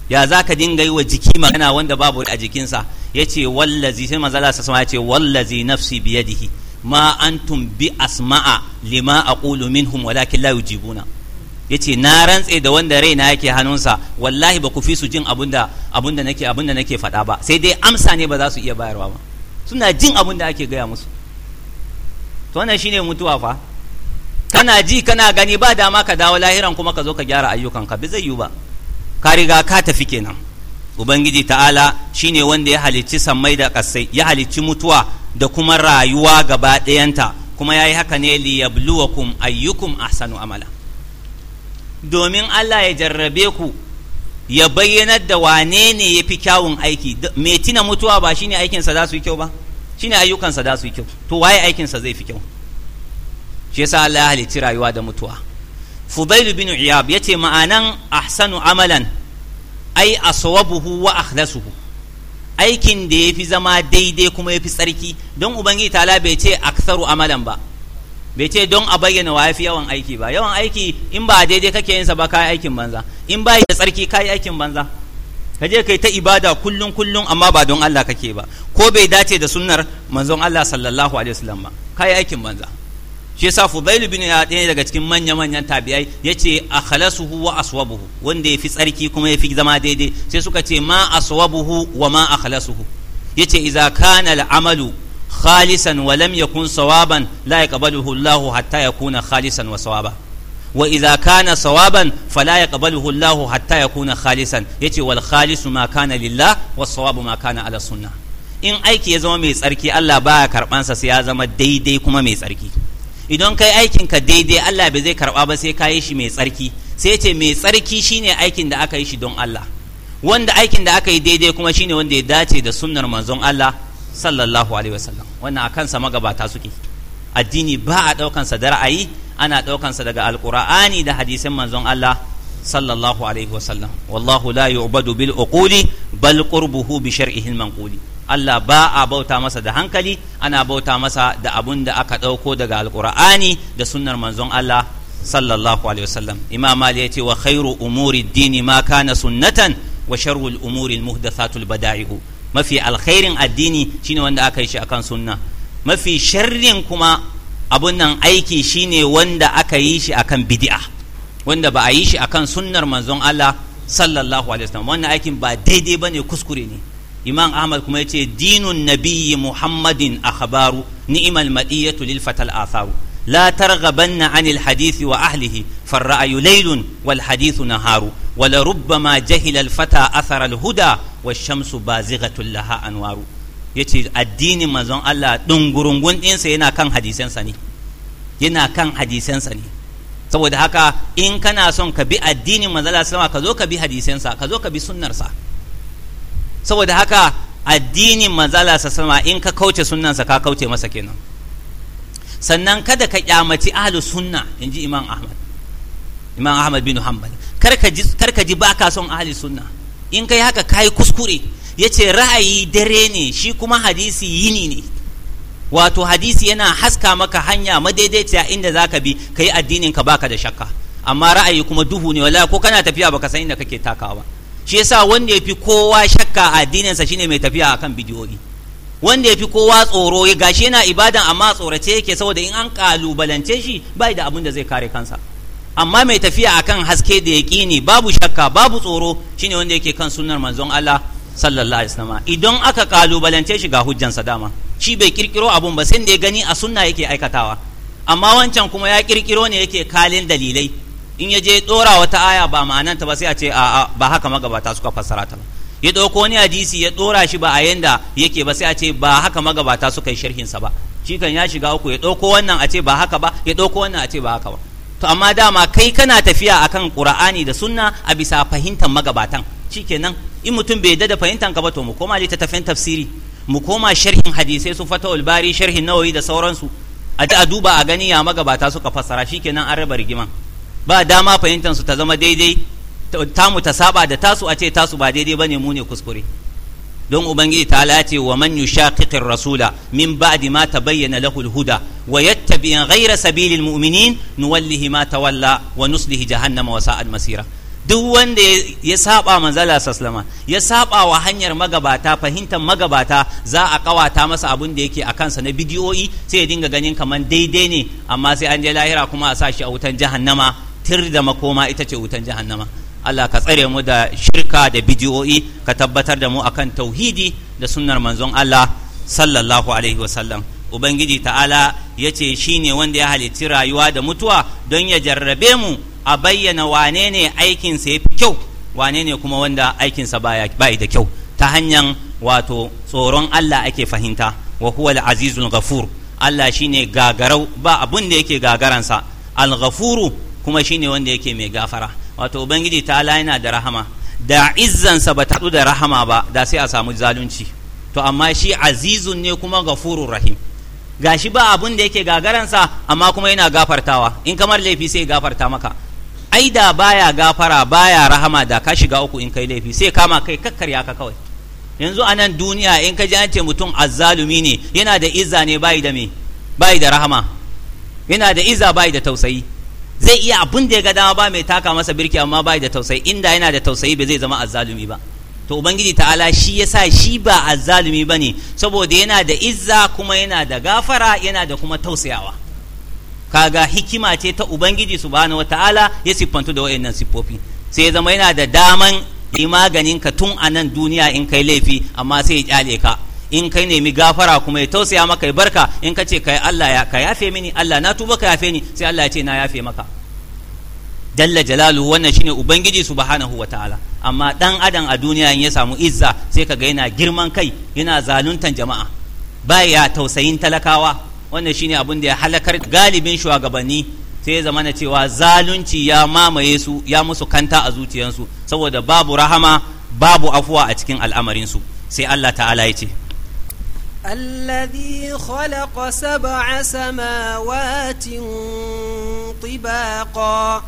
ya zaka dinga yi wa jiki magana wanda babu a jikinsa yace wallazi sai manzala sa sama yace wallazi nafsi biyadihi ma antum bi asma'a lima aqulu minhum walakin la yujibuna Ya ce na rantse da wanda raina yake hannunsa wallahi ba ku fi su jin abunda abunda nake abunda faɗa ba sai dai amsa ne ba za su iya bayarwa ba suna jin abunda ake gaya musu to wannan shine mutuwa fa kana ji kana gani ba dama ka dawo lahiran kuma ka zo ka gyara ayyukan ka bi zai yiwu ba ka riga ka tafi kenan ubangiji ta'ala shine wanda ya halicci sammai da kasai ya halicci mutuwa da kuma rayuwa gaba ɗayanta kuma yayi haka ne liyabluwakum ayyukum ahsanu amala domin Allah ya jarrabe ku ya bayyanar da wane ne ya fi kyawun aiki mai tina mutuwa ba shine aikinsa za su yi kyau ba shine ayyukansa za su yi kyau to waye aikinsa zai fi kyau shi yasa Allah ya halicci rayuwa da mutuwa Fudail bin Iyab yace ma'anan ahsanu amalan ai aswabuhu wa akhlasuhu aikin da yafi zama daidai kuma yafi tsarki don ubangiji ta bai ce aktharu amalan ba bai ce don a bayyana wa fi yawan aiki ba yawan aiki in ba daidai kake yinsa sa ba kai aikin banza in ba ya tsarki kayi aikin banza ka je kai ta ibada kullun kullun amma ba don Allah kake ba ko bai dace da sunnar manzon Allah sallallahu alaihi wasallam ba kai aikin banza shi yasa Fudail bin ya ne daga cikin manya manyan tabi'ai yace akhlasuhu wa aswabuhu wanda yafi tsarki kuma yafi zama daidai sai suka ce ma aswabuhu wa ma akhlasuhu yace idza kana al'amalu amalu khalisan wa lam yakun sawaban la yaqbaluhu Allah hatta yakuna khalisan wa sawaba wa idza kana sawaban fala yaqbaluhu Allah hatta yakuna khalisan yace wal khalisu ma kana lillah was sawabu ma kana ala in aiki ya zama mai tsarki Allah baya karban sa sai ya zama daidai kuma mai tsarki idan kai aikin ka daidai Allah bai zai karba ba sai ka yi shi mai tsarki sai yace mai tsarki shine aikin da aka yi shi don Allah wanda aikin da aka yi daidai kuma shine wanda ya dace da sunnar manzon Allah sallallahu alaihi wasallam wannan a kansa magabata suke addini ba a ɗaukansa da ra'ayi ana ɗaukansa daga alƙur'ani da hadisin manzon Allah sallallahu alaihi wasallam wallahu la yu'badu bil uquli bal qurbuhu bi shar'ihi manquli Allah ba a bauta masa da hankali ana bauta masa da abun da aka ɗauko daga alƙur'ani da sunnar manzon Allah sallallahu alaihi wasallam imam Ali ya ce wa khairu umuri dini ma kana sunnatan wa sharrul umuri muhdathatul bada'ihu mafi alkhairin addini shine wanda aka yi shi akan sunna mafi sharrin kuma abun nan aiki shine wanda aka yi shi akan bid'a wanda ba a yi shi akan sunnar manzon Allah sallallahu alaihi wasallam wannan aikin ba daidai bane kuskure ne imam ahmad kuma yace dinun nabiyyi muhammadin akhbaru ni'mal madiyatu lil fatal atharu لا ترغبن عن الحديث وأهله فالرأي ليل والحديث نهار ولربما جهل الفتى أثر الهدى والشمس بازغة لها أنوار yace addini manzon Allah dungurungun ɗinsa yana kan hadisansa ne yana kan hadisansa ne saboda haka in kana son ka bi addinin manzon sallama ka zo ka bi hadisansa ka zo ka bi sunnarsa saboda haka addinin manzon sallama in ka kauce sunnansa ka kauce masa kenan sannan kada ka kyamaci ahlus sunna inji imam ahmad imam ahmad bin hanbal kar ka ji ba ka son ahli sunna in kai haka kai kuskure Ya ce ra'ayi dare ne shi kuma hadisi yini ne wato hadisi yana haska maka hanya madaidaiciya inda za ka bi ka yi addinin ka baka da shakka amma ra'ayi kuma duhu ne wala ko kana tafiya baka san inda kake takawa shi yasa wanda ya fi kowa shakka a addininsa shine mai tafiya akan bidiyoyi wanda ya fi kowa tsoro ya gashi yana ibadan amma tsorace yake saboda in an kalubalance shi bai da abin da zai kare kansa amma mai tafiya akan haske da ne babu shakka babu tsoro shine wanda yake kan sunnar manzon Allah sallallahu alaihi wasallam idan aka kalubalance shi ga hujjansa dama shi bai kirkiro abun ba sai da ya gani a sunna yake aikatawa amma wancan kuma ya kirkiro ne yake kalin dalilai in ya je dora wata aya ba ma'ananta ba sai a ce a'a ba haka magabata suka fassara ta ba ya ɗauko wani hadisi ya ɗora shi ba a yanda yake ba sai a ce ba haka magabata suka yi sharhinsa ba shi kan ya shiga uku ya ɗauko wannan a ce ba haka ba ya ɗauko wannan a ce ba haka ba to amma dama kai kana tafiya akan qur'ani da sunna a bisa fahimtar magabatan shikenan in mutum bai yadda da fahimtar ka ba to mu koma littattafan tafsiri mu koma sharhin hadisai su fatawul bari sharhin nawawi da sauransu a a duba a gani ya magabata suka fassara shikenan an raba rigiman ba dama fahimtar su ta zama daidai tamu ta saba da tasu a ce tasu ba daidai bane mu ne kuskure don ubangiji ta ce wa man yushaqiqir rasula min ba'di ma tabayyana lahu al-huda wa yattabi ghayra sabilil mu'minin nuwallihi ma tawalla wa nuslihi jahannama wa sa'at masira duk wanda ya saba manzala saslama ya saba wa hanyar magabata fahimtar magabata za a kawata masa abin da yake a kansa na bidiyoyi sai ya dinga ganin kamar daidai ne amma sai an je lahira kuma a sa shi a wutan jahannama tir da makoma ita ce wutan jahannama Allah ka tsare mu da shirka da bidiyoyi ka tabbatar da mu akan tauhidi da sunnar manzon Allah sallallahu alaihi wasallam ubangiji ta'ala ya ce shi ne wanda ya halitti rayuwa da mutuwa don ya jarrabe mu a bayyana wane ne aikinsa ya fi kyau wane ne kuma wanda aikinsa bayi da kyau ta hanyar wato tsoron Allah ake fahimta wa huwa al-azizul ghafur Allah ne gagarau ba abun da yake gagaransa al-ghafuru kuma shine wanda yake mai gafara wato ubangiji ta ala yana da rahama da izzansa ba tsu da rahama ba da sai a samu zalunci to amma shi azizun ne kuma gafurur rahim gashi ba abun da yake gagaransa amma kuma yana gafartawa in kamar laifi sai gafarta maka ai da baya gafara baya rahama da ka shiga uku in kai laifi sai kama kai kakkarya ka kawai yanzu a nan duniya in ka ji an ce mutum azzalumi ne yana da izza ne bayi da me bayi da rahama yana da izza bayi da tausayi zai iya abun da ya ga dama ba mai taka masa birki amma bai da tausayi inda yana da tausayi ba zai zama azzalumi ba to ubangiji ta'ala shi yasa shi ba azzalumi ne saboda yana da izza kuma yana da gafara yana da kuma tausayawa kaga hikima ce ta ubangiji subhanahu wataala ya siffantu da wayannan siffofi sai ya zama yana da daman yi maganin ka tun a nan duniya in kai laifi amma sai ya kyale ka in kai nemi gafara kuma ya tausaya maka ya barka in ka ce kai Allah ya ka yafe mini Allah na tuba ka yafe ni sai Allah ya ce na yafe maka dalla jalalu wannan shine ubangiji subhanahu wataala amma dan adam a duniya in ya samu izza sai kaga yana girman kai yana zaluntan jama'a ya tausayin talakawa wannan shine abin da ya halakar galibin shugabanni sai ya zama na cewa zalunci ya mamaye su ya musu kanta a zuciyansu saboda babu rahama babu afuwa a cikin al'amarinsu sai Allah ta'ala ya ce الذي خلق سبع سماوات طباقا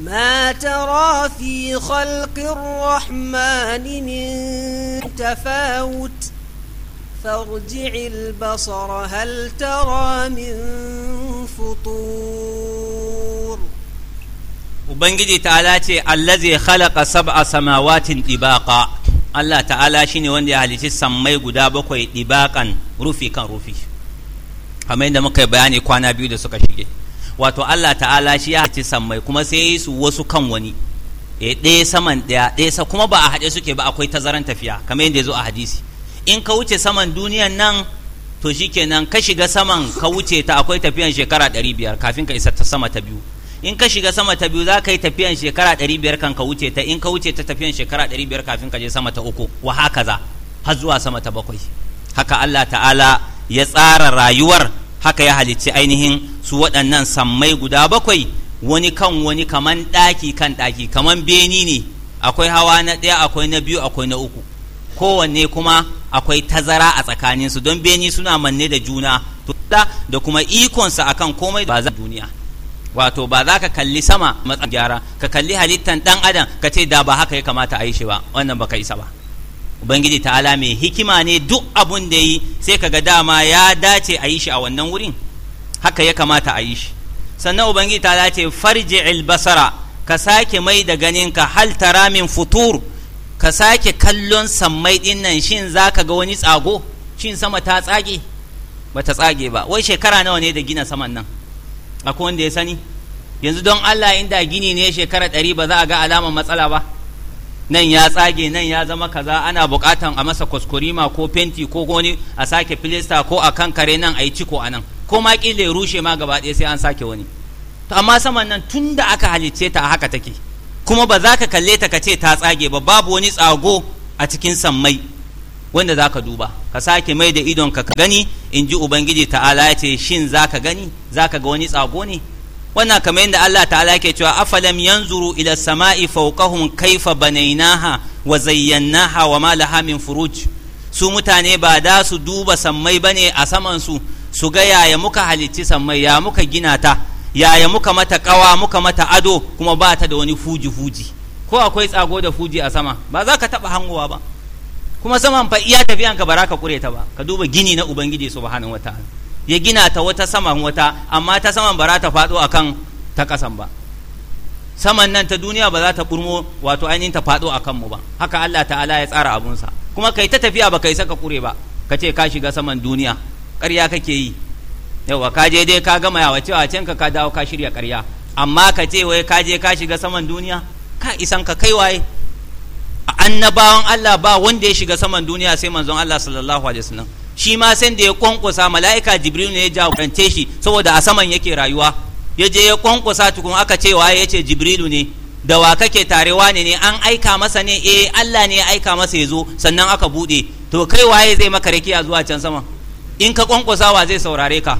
ما ترى في خلق الرحمن من تفاوت فارجع البصر هل ترى من فطور وبنجي تعالى الذي خلق سبع سماوات طباقا Allah ta'ala shine wanda ya halici sammai guda bakwai dibakan rufi kan rufi kamar yadda muka yi bayani kwana biyu da suka shige wato Allah ta'ala shi ya halici sammai kuma sai ya yi su wasu kan wani e ɗaya saman ɗaya ɗaya kuma ba a haɗe suke ba akwai tazaran tafiya kamar yadda ya zo a hadisi in ka wuce saman duniyan nan to shikenan ka shiga saman ka wuce ta akwai tafiyan shekara ɗari biyar kafin ka isa ta sama ta biyu in ka shiga sama ta biyu za ka yi tafiyan shekara ɗari biyar kan ka wuce ta in ka wuce ta tafiyan shekara ɗari biyar kafin ka je sama ta uku wa haka za har zuwa sama ta bakwai haka Allah ta'ala ya tsara rayuwar haka ya halicci ainihin su waɗannan sammai guda bakwai wani kan wani kaman ɗaki kan ɗaki kaman beni ne akwai hawa na ɗaya akwai na biyu akwai na uku kowanne kuma akwai tazara a tsakaninsu don beni suna manne da juna da kuma ikonsa akan komai ba za duniya wato ba za ka kalli sama matsan gyara ka kalli halittan dan adam ka ce da ba haka ya kamata a yi shi ba wannan ka isa ba ubangiji ta'ala mai hikima ne duk abun da yi sai ka ga dama ya dace a yi shi a wannan wurin haka ya kamata a yi shi sannan ubangiji ta'ala ce farji albasara ka sake mai da ka hal tara min futur ka sake kallon sammai din nan shin za ka ga wani tsago shin sama ta tsage ba ta tsage ba wai shekara nawa ne da gina saman nan akwai wanda ya sani yanzu don Allah inda gini ne shekara ɗari ba za a ga alamar matsala ba nan ya tsage nan ya zama kaza ana buƙatan a masa kuskurima ko fenti ko goni a sake filista ko a kan kare nan a yi ciko a nan ko ma ƙila rushe ma gaba ɗaya sai an sake wani to amma saman nan tun da aka halicce ta haka take kuma ba za ka kalle ta ka ce ta tsage ba babu wani tsago a cikin sammai wanda za ka duba ka sake mai da idon ka gani in ji ubangiji ta'ala ya ce shin ka gani za ka ga wani tsago ne wannan kamar yadda Allah ta'ala yake cewa afalam yanzuru ila sama'i fawqahum kaifa banainaha wa zayyannaha wa ma min furuj su mutane ba da su duba sammai bane a saman su su ga yaya muka halicci sammai ya muka gina ta yaya muka mata kawa muka mata ado kuma ba ta da wani fuji fuji ko akwai tsago da fuji a sama ba za ka taba hangowa ba kuma saman fa iya tafiyan ka baraka kure ta ba ka duba gini na ubangiji subhanahu wataala ya gina ta wata saman wata amma ta saman bara ta faɗo akan ta kasan ba saman nan ta duniya ba za ta burmo wato ainihin ta faɗo a kanmu ba haka Allah ta'ala ya tsara abun sa. kuma kai ta tafiya ba kai saka kure ba ka ce ka shiga saman duniya ƙarya kake yi yawa ka je dai ka gama yawa cewa can ka ka dawo ka shirya ƙarya amma ka ce wai ka je ka shiga saman duniya ka isan ka kai waye annabawan Allah ba wanda ya shiga saman duniya sai manzon Allah sallallahu alaihi wasallam shi ma sai da ya kwankwasa mala'ika jibril ne ya jagorance shi saboda a saman yake rayuwa ya je ya kwankwasa tukun aka ce waye ya ce jibrilu ne da wa kake tarewa ne ne an aika masa ne eh Allah ne ya aika masa ya zo sannan aka bude to kai waye zai maka rakiya zuwa can sama in ka kwankwasa wa zai saurare ka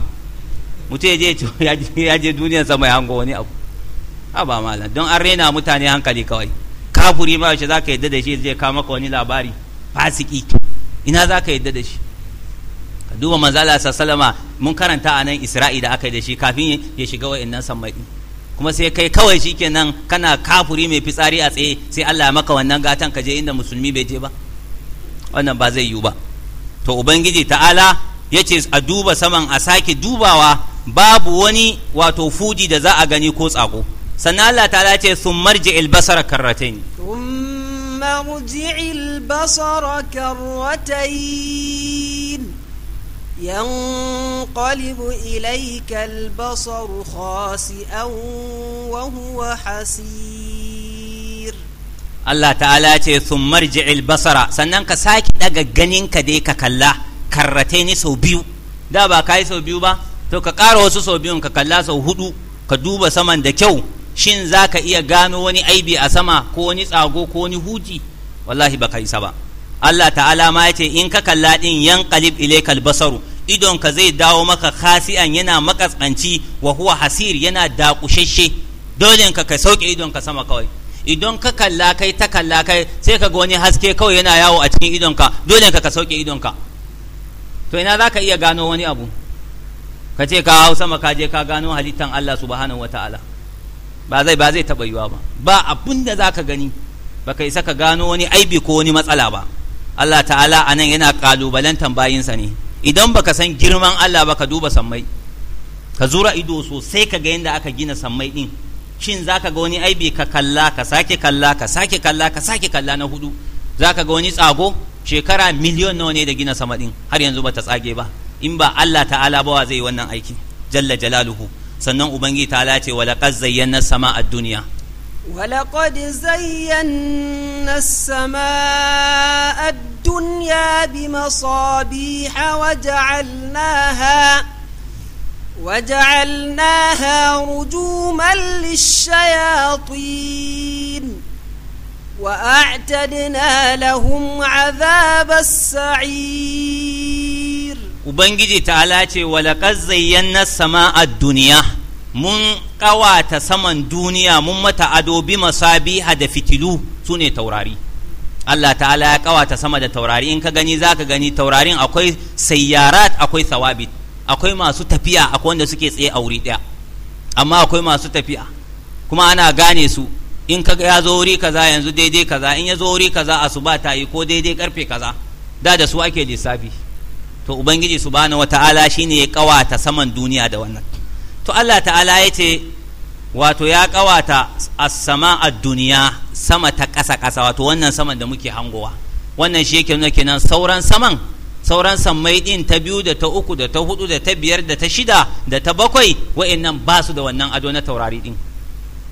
mutum ya je ya je duniyar sama ya hango wani abu a ba malam don an rena mutane hankali kawai kafuri ma yaushe za ka yadda da shi zai kawo maka wani labari fasiki ina za ka yadda da shi ka duba manzala sallama mun karanta a nan isra'i da aka yi da shi kafin ya shiga wa'annan sammai kuma sai kai kawai shikenan kana kafuri mai fitsari a tsaye sai Allah ya maka wannan gatan ka je inda musulmi bai je ba wannan ba zai yiwu ba to ubangiji ta'ala ya ce a duba saman a sake dubawa babu wani wato fuji da za a gani ko tsako sannan Allah ta ce sun marji albasara karratain ثم ارجع البصر كرتين ينقلب إليك البصر خاسئا وهو حسير الله تعالى ثم ارجع البصر سننك ساكت أغنين كديك كلا كرتين سو بيو دابا كاي سو بيو با تو كقارو سو بيو كلا سو هدو ka duba saman da kyau shin za ka iya gano wani aibi a sama ko wani tsago ko wani huji wallahi ka isa ba Allah ta'ala ma ya ce in ka kalla din yan qalib ilaykal basaru idon ka zai dawo maka khasi'an yana makatsanci wa huwa hasir yana dakushashe dole ka ka sauke idon ka sama kawai Idon ka kalla kai ta kalla kai sai ka ga wani haske kawai yana yawo a cikin idon ka dole ka ka sauke idon ka to ina za ka iya gano wani abu ka ce ka hau sama ka je ka gano halittan Allah subhanahu wataala ba zai ba zai taɓa yiwa ba ba abin da za ka gani ba ka isa ka gano wani aibi ko wani matsala ba Allah ta'ala a nan yana ƙalubalantan bayinsa ne idan baka san girman Allah ba ka duba sammai ka zura ido sosai ka ga yadda aka gina sammai ɗin shin za ka ga wani aibi ka kalla ka sake kalla ka sake kalla ka sake kalla na hudu za ka ga wani tsago shekara miliyon nawa ne da gina sama ɗin har yanzu ba ta tsage ba in ba Allah ta'ala ba zai yi wannan aiki jalla jalaluhu sannan ubangiji ta lace walaqad zayyana sama'a ولقد زينا السماء الدنيا بمصابيح وجعلناها وجعلناها رجوما للشياطين وأعتدنا لهم عذاب السعير ubangiji ta'ala ce na sama a duniya mun kawata saman duniya mun mata ado bi da fitilu su ne taurari Allah ta'ala ya kawata sama da taurari in ka gani za ka gani taurarin akwai sayyarat akwai sawabit akwai masu tafiya akwai wanda suke tsaye a wuri daya amma akwai masu tafiya kuma ana gane su in ka ya zo wuri kaza yanzu daidai kaza in ya zo wuri kaza asuba ta yi ko daidai karfe kaza da da su ake lissafi to ubangiji subhanahu wata'ala shine ya kawata saman duniya da wannan to Allah ta'ala ya ce wato ya kawata as-sama ad-duniya sama ta ƙasa ƙasa wato wannan saman da muke hangowa wannan shi yake nuna kenan sauran saman sauran sammai din ta biyu da ta uku da ta hudu da ta biyar da ta shida da ta bakwai wa'annan ba su da wannan ado na taurari din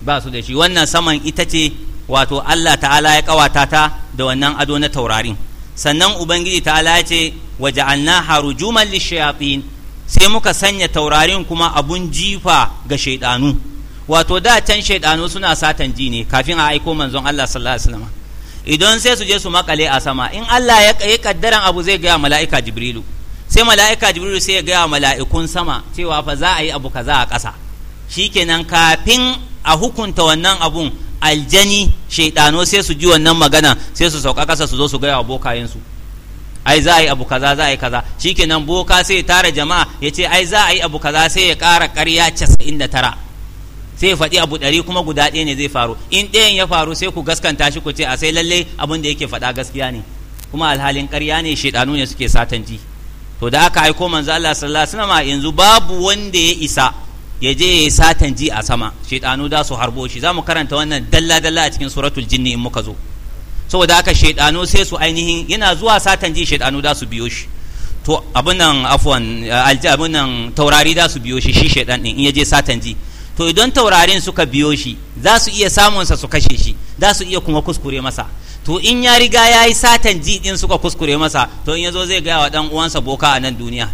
ba su da shi wannan saman ita ce wato Allah ta'ala ya kawata ta da wannan ado na taurarin sannan ubangiji ta ce wa ja'alna harujuman lishayatin sai muka sanya taurarin kuma abun jifa ga shaidanu wato da can shaidanu suna satan ji ne kafin a aiko manzon Allah sallallahu alaihi wasallam idan sai su je su makale a sama in Allah ya kai kaddaran abu zai gaya mala'ika jibrilu sai mala'ika jibrilu sai ya gaya mala'ikun sama cewa fa za a yi abu kaza a ƙasa shikenan kafin a hukunta wannan abun aljani shaidano sai su ji wannan magana sai su sauka kasa su zo su gaya wa bokayensu ai za a yi abu kaza za a yi kaza shikenan boka sai ya tara jama'a ya ce ai za a yi abu kaza sai ya kara karya casa'in da tara sai ya faɗi abu ɗari kuma guda ɗaya ne zai faru in ɗayan ya faru sai ku gaskanta shi ku ce a sai lalle abin da yake faɗa gaskiya ne kuma alhalin karya ne shaidanu ne suke satanci to da aka aiko manzo Allah sallallahu alaihi wasallam yanzu babu wanda ya isa ya je ya yi satan ji a sama shaidanu za su harbo shi za mu karanta wannan dalla dalla a cikin suratul jinni in muka zo saboda haka shaidanu sai su ainihin yana zuwa satan ji shaidanu da su biyo shi to abin nan afwan alji abin nan taurari da su biyo shi shi shaidan din in ya je satan ji to idan taurarin suka biyo shi za su iya samunsa su kashe shi za su iya kuma kuskure masa to in ya riga ya yi satan ji din suka kuskure masa to in ya zo zai gaya wa dan uwansa boka a nan duniya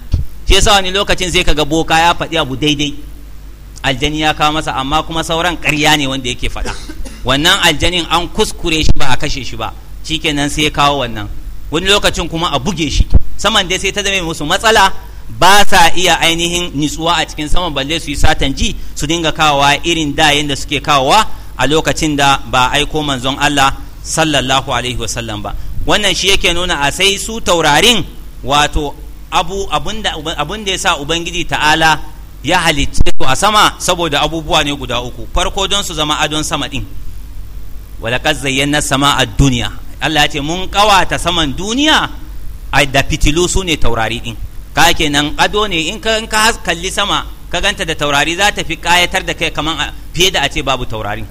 shi yasa wani lokacin zai kaga boka ya faɗi abu daidai aljani ya kawo masa amma kuma sauran ƙarya ne wanda yake faɗa wannan aljanin an kuskure shi ba a kashe shi ba shikenan sai ya kawo wannan wani lokacin kuma a buge shi saman dai sai ta zame musu matsala ba sa iya ainihin nitsuwa a cikin saman balle su yi satan ji su dinga kawowa irin da yadda suke kawowa a lokacin da ba aiko manzon Allah sallallahu alaihi wasallam ba wannan shi yake nuna a sai su taurarin wato abu abunda abunda sa ubangiji ta'ala ya halicce su a sama saboda abubuwa ne guda uku farko don su zama adon sama din walaqad zayyana sama a duniya Allah ya ce mun kawata saman duniya a da fitilu su ne taurari din ka nan ado ne in ka kalli sama ka ganta da taurari za ta fi kayatar da kai kaman fiye da a ce babu taurari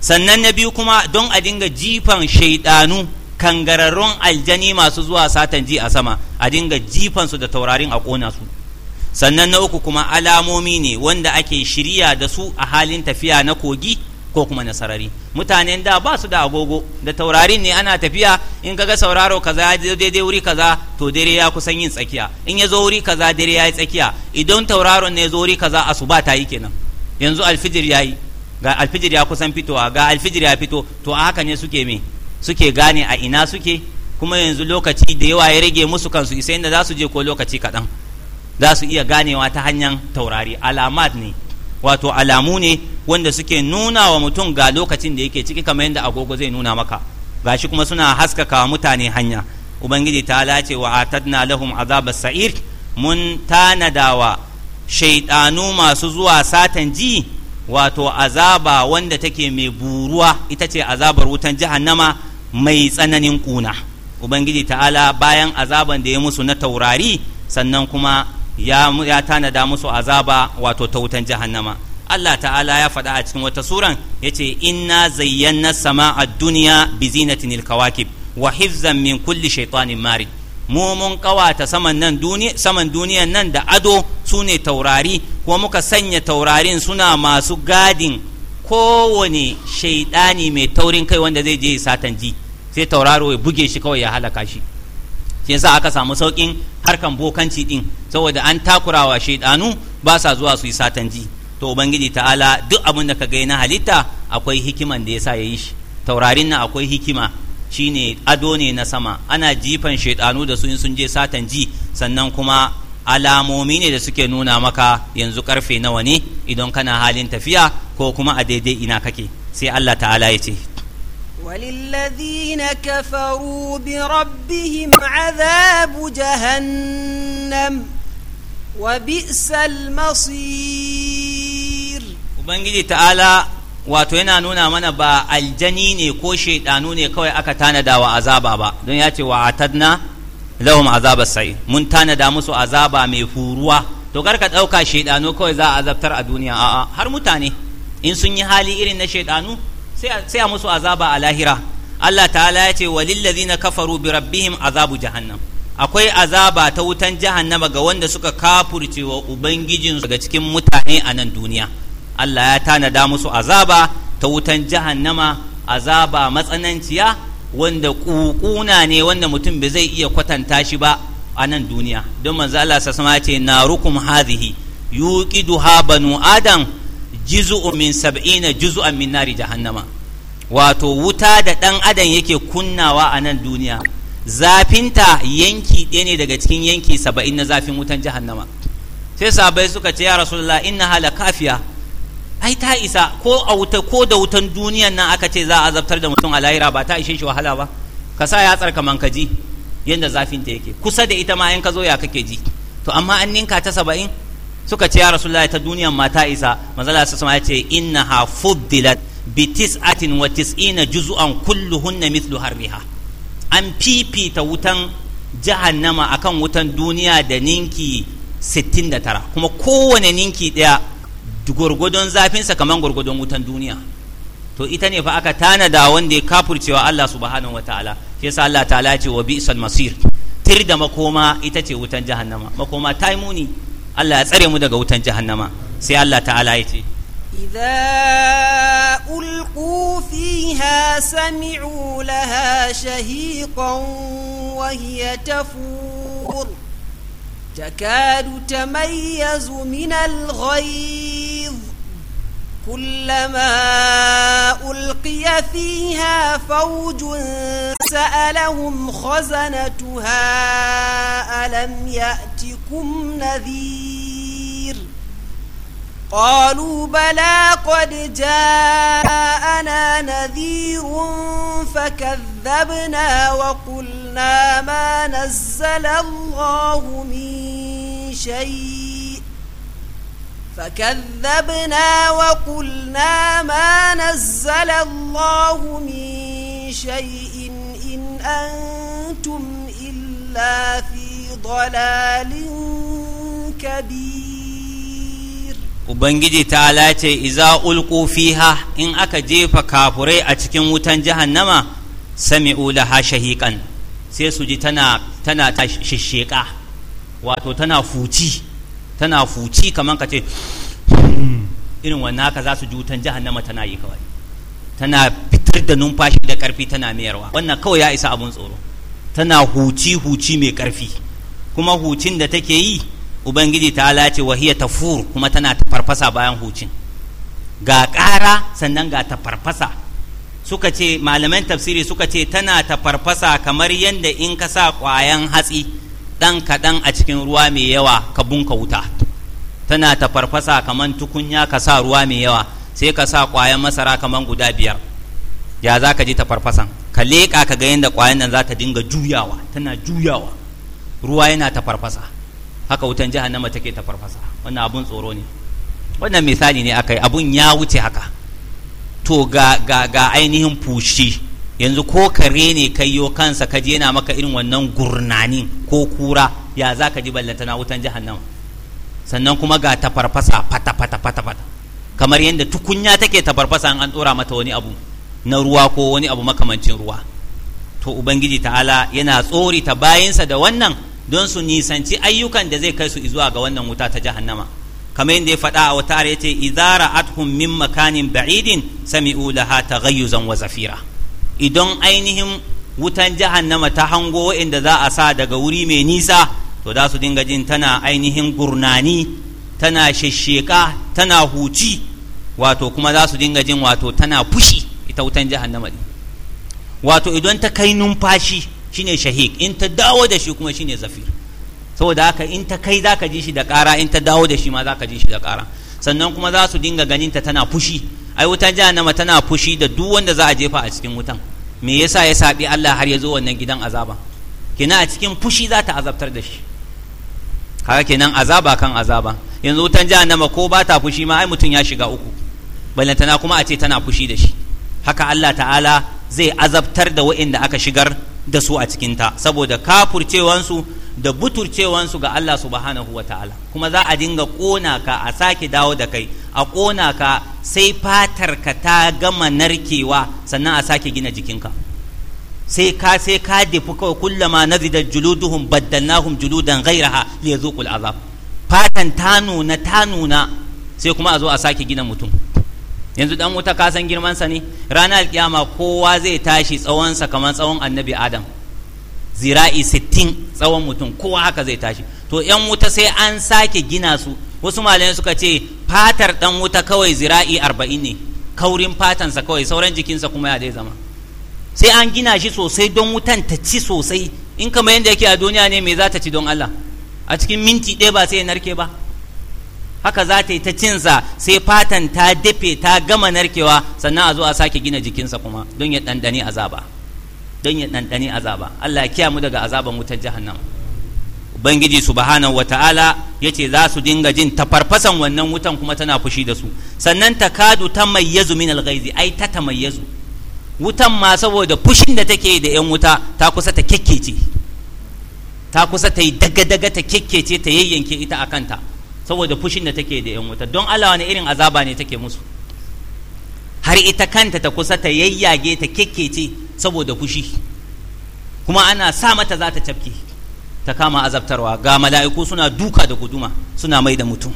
sannan na biyu kuma don a dinga jifan shaidanu kangararrun aljani masu zuwa satan ji a sama a dinga jifan su da taurarin a kona su sannan na uku kuma alamomi ne wanda ake shirya da su a halin tafiya na kogi ko kuma na sarari mutanen da ba su da agogo da taurarin ne ana tafiya in kaga sauraro kaza ya daidai wuri kaza to dare ya kusan yin tsakiya in ya zo wuri kaza dare ya yi tsakiya idan tauraron ne ya zo wuri kaza asuba ta yi kenan yanzu alfijir ya yi ga alfijir ya kusan fitowa ga alfijir ya fito to a haka ne suke me suke gane a ina suke kuma yanzu lokaci da yawa ya rage musu kansu isa inda za su je ko lokaci kaɗan za su iya ganewa ta hanyar taurari alamat ne wato alamu ne wanda suke nuna wa mutum ga lokacin da yake ciki kamar yadda agogo zai nuna maka gashi kuma suna haskaka mutane hanya ubangiji ta lace wa atadna lahum azaba sa'ir mun tanadawa shaidanu masu zuwa satan ji wato azaba wanda take mai buruwa ita ce azabar wutan jahannama mai tsananin kuna ubangiji ta'ala bayan azaban da ya musu na taurari sannan kuma ya ya tanada musu azaba wato ta wutan jahannama Allah ta'ala ya faɗa a cikin wata suran ya ce inna zayyana sama'a duniya bi zinatin alkawakib wa hifzan min kulli shaitanin mari mu mun kawata saman nan duniya saman duniyan nan da ado sune taurari kuma muka sanya taurarin suna masu gadin kowane shaidani mai taurin kai wanda zai je satan ji sai tauraro ya buge shi kawai ya halaka shi shi yasa aka samu saukin harkan bokanci din saboda an takurawa shaidanu ba sa zuwa su yi satanji to ubangiji ta'ala duk abin da ka gai na halitta akwai hikiman da yasa yayi shi taurarin na akwai hikima shine ado ne na sama ana jifan shaidanu da su in sun je satanji sannan kuma alamomi ne da suke nuna maka yanzu karfe nawa ne idan kana halin tafiya ko kuma a daidai ina kake sai Allah ta'ala ya ce وللذين كفروا بربهم عذاب جهنم وبئس المصير وبنجي تعالى wato yana nuna mana ba aljani ne ko shaidanu ne kawai aka tanada wa azaba ba don ya ce wa atadna lahum azaba sai mun tanada musu azaba mai furuwa to ka ɗauka shaidanu kawai za a azabtar a duniya a'a har mutane in sun yi hali irin na shaidanu sai a musu azaba a lahira Allah ta'ala ya ce walillazina kafaru bi rabbihim azabu jahannam akwai azaba ta wutan jahannama ga wanda suka kafurce wa ubangijin daga cikin mutane a nan duniya Allah ya tanada musu azaba ta wutan jahannama azaba matsananciya wanda kukuna ne wanda mutum bai zai iya kwatanta shi ba a nan duniya don manzo Allah sa sama ya ce narukum hadhihi yuqiduha banu adam juz'un min sab'ina juz'an min nari jahannama wato wuta da dan adam yake kunnawa a nan duniya zafinta yanki ɗaya ne daga cikin yanki saba'in na zafin wutan jahannama sai sabai suka ce ya rasulullah inna hala kafiya ai ta isa ko a wuta ko da wutan duniyan nan aka ce za a azabtar da mutum a lahira ba ta ishe shi wahala ba ka sa ya tsarka man ka ji yadda zafinta yake kusa da ita ma in ka zo ya kake ji to amma an ninka ta saba'in suka ce ya rasulullah ta duniyan mata isa manzala sa sama ya ce innaha fuddilat bi tis'atin wa tis'ina juz'an kulluhunna mithlu harriha an fifita wutan jahannama akan wutan duniya da ninki 69 kuma kowane ninki daya gurgudun zafinsa kamar gurgudun wutan duniya to ita ne fa aka tanada wanda ya kafurcewa Allah subhanahu wataala shi yasa Allah ta'ala ya ce wa bi'sal masir tirda makoma ita ce wutan jahannama makoma taimuni الله ya tsare mu daga wutan jahannama sai Allah إذا ألقوا فيها سمعوا لها شهيقا وهي تفور تكاد تميز من الغيظ كلما ألقي فيها فوج سألهم خزنتها ألم يأتكم نذير قالوا بلى قد جاءنا نذير فكذبنا وقلنا ما نزل الله من شيء فكذبنا وقلنا ما نزل الله من شيء إن أنتم إلا في ضلال كبير ubangiji ta lace iza ulku fiha in aka jefa kafurai a cikin wutan jahannama ula ha shahikan sai su ji tana tana ta shisheka wato tana fuci tana fuci kaman ka ce irin wannan ka za su ji wutan jahannama tana yi kawai tana fitar da numfashi da karfi tana mayarwa wannan kawai ya isa abun tsoro tana huci huci mai karfi kuma hucin da take yi ubangiji ta lace wahiya tafur kuma tana ta farfasa bayan hucin ga ƙara sannan ga ta farfasa suka ce malaman tafsiri suka ce tana ta farfasa kamar yadda in ka sa ƙwayan hatsi ɗan kaɗan a cikin ruwa mai yawa ka bunka wuta tana ta farfasa kamar tukunya ka sa ruwa mai yawa sai ka sa ƙwayan masara kamar guda biyar ya za ka ji ta farfasan ka leƙa ka ga yadda ƙwayan nan za ta dinga juyawa tana juyawa ruwa yana ta farfasa haka wutan jahannama take ta farfasa wannan abun tsoro ne wannan misali ne yi abun ya wuce haka to ga ga ga ainihin fushi yanzu ko kare ne kayo kansa ka je yana maka irin wannan gurnanin ko kura ya za ka ji ballantana wutan jahannama sannan kuma ga ta farfasa fata fata fata fata kamar yadda tukunya take ta farfasa an tsora mata wani abu na ruwa ko wani abu makamancin ruwa to ubangiji ta'ala yana tsori ta bayansa da wannan don su nisanci ayyukan da zai kai su zuwa ga wannan wuta ta jahannama kamar yadda ya faɗa a wata ya ce idara athum min makanin ba'idin sami'u laha taghayyuzan wa zafira idan ainihin wutan jahannama ta hango inda za a sa daga wuri mai nisa to za su dinga jin tana ainihin gurnani tana shesheka tana huci wato kuma za su dinga jin wato tana fushi ita wutan jahannama wato idan ta kai numfashi shine shahik in ta dawo da shi kuma shine zafir saboda haka in ta kai zaka ji shi da ƙara in ta dawo da shi ma zaka ji shi da ƙara sannan kuma za su dinga ganin ta tana fushi ai wutan jahannama tana fushi da duk wanda za a jefa a cikin wutan me yasa ya sabi Allah har ya zo wannan gidan azaba kina a cikin fushi za ta azabtar da shi haka kenan azaba kan azaba yanzu wutan jahannama ko ba ta fushi ma ai mutum ya shiga uku ballantana kuma a ce tana fushi da shi haka Allah ta'ala zai azabtar da wa'inda aka shigar da su a cikinta saboda kafurcewansu da buturcewansu ga Allah subhanahu wa ta'ala kuma za a dinga ƙona ka a sake dawo da kai a kona ka sai fatar ka ta gama narkewa sannan a sake gina jikinka sai ka sai ka dafi kawai kullama nazida juluduhum baddalnahum juludan ghairaha liyazuqul azab fatan ta nuna ta nuna sai kuma a zo a sake gina mutum yanzu dan wuta ka san girman sa ne ranar alkiyama kowa zai tashi tsawon sa kamar tsawon annabi adam zira'i 60 tsawon mutum kowa haka zai tashi to yan wuta sai an sake gina su wasu malamai suka ce fatar dan wuta kawai zira'i 40 ne kaurin fatan sa kawai sauran jikin sa kuma ya dai zama sai an gina shi sosai don wutan ta ci sosai in kamar yanda yake a duniya ne me za ta ci don Allah a cikin minti ɗaya ba sai ya narke ba haka za ta yi ta cinsa sai fatan ta dafe ta gama narkewa sannan a zo a sake gina jikinsa kuma don ya ɗanɗani azaba don ya ɗanɗani azaba Allah ya kiyamu daga azaban wutar jahannama ubangiji subhanahu ta'ala yace za su dinga jin tafarfasan wannan wutan kuma tana fushi da su sannan takadu ta mayyazu min alghaizi ai ta tamayyazu wutan ma saboda fushin da take da yan wuta ta kusa ta kekkece ta kusa ta yi daga-daga ta kekkece ta yayyanke ita a kanta saboda fushin da take da 'yan wuta don Allah wani irin azaba ne take musu har ita kanta ta kusa ta yayyage ta kekkece saboda fushi kuma ana sa mata za ta cafke ta kama azabtarwa ga mala'iku suna duka da guduma suna mai da mutum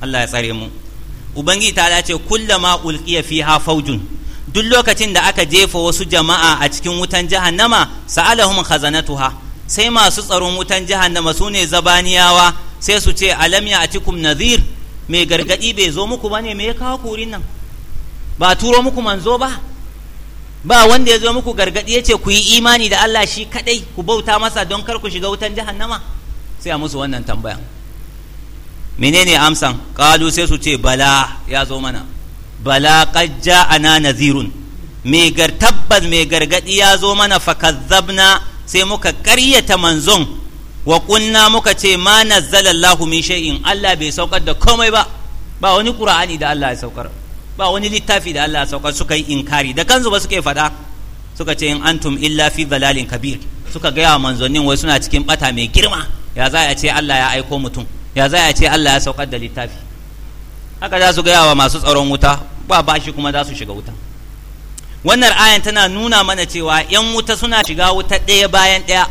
Allah ya tsare mu Ubangi ta ce kullama ulqiya fiha faujun duk lokacin da aka jefa wasu jama'a a cikin wutan jahannama sa'alahum khazanatuha sai masu tsaron wutan jahannama sune zabaniyawa sai su ce alam a cikin Nazir mai gargadi bai zo muku ba ne ya kawo kurin nan ba turo muku manzo ba ba wanda ya zo muku gargadi ya ce ku yi imani da Allah shi kadai ku bauta masa don kar ku shiga wutan jahannama sai a musu wannan tambaya menene amsan kalu sai su ce bala ya zo mana bala qad ja'ana nazirun me gar tabbas me gargadi ya zo mana fakazzabna sai muka karyata manzon wa kunna muka ce ma nazzalallahu min shay'in Allah bai saukar da komai ba ba wani qur'ani da Allah ya saukar ba wani littafi da Allah ya saukar suka yi inkari da kansu ba suke faɗa suka ce in antum illa fi dalalin kabir suka gaya wa manzonin wai suna cikin bata mai girma ya za a ce Allah ya aiko mutum ya za a ce Allah ya saukar da littafi haka za su gaya wa masu tsaron wuta ba bashi kuma za su shiga wuta wannan ayan tana nuna mana cewa 'yan wuta suna shiga wuta ɗaya bayan ɗaya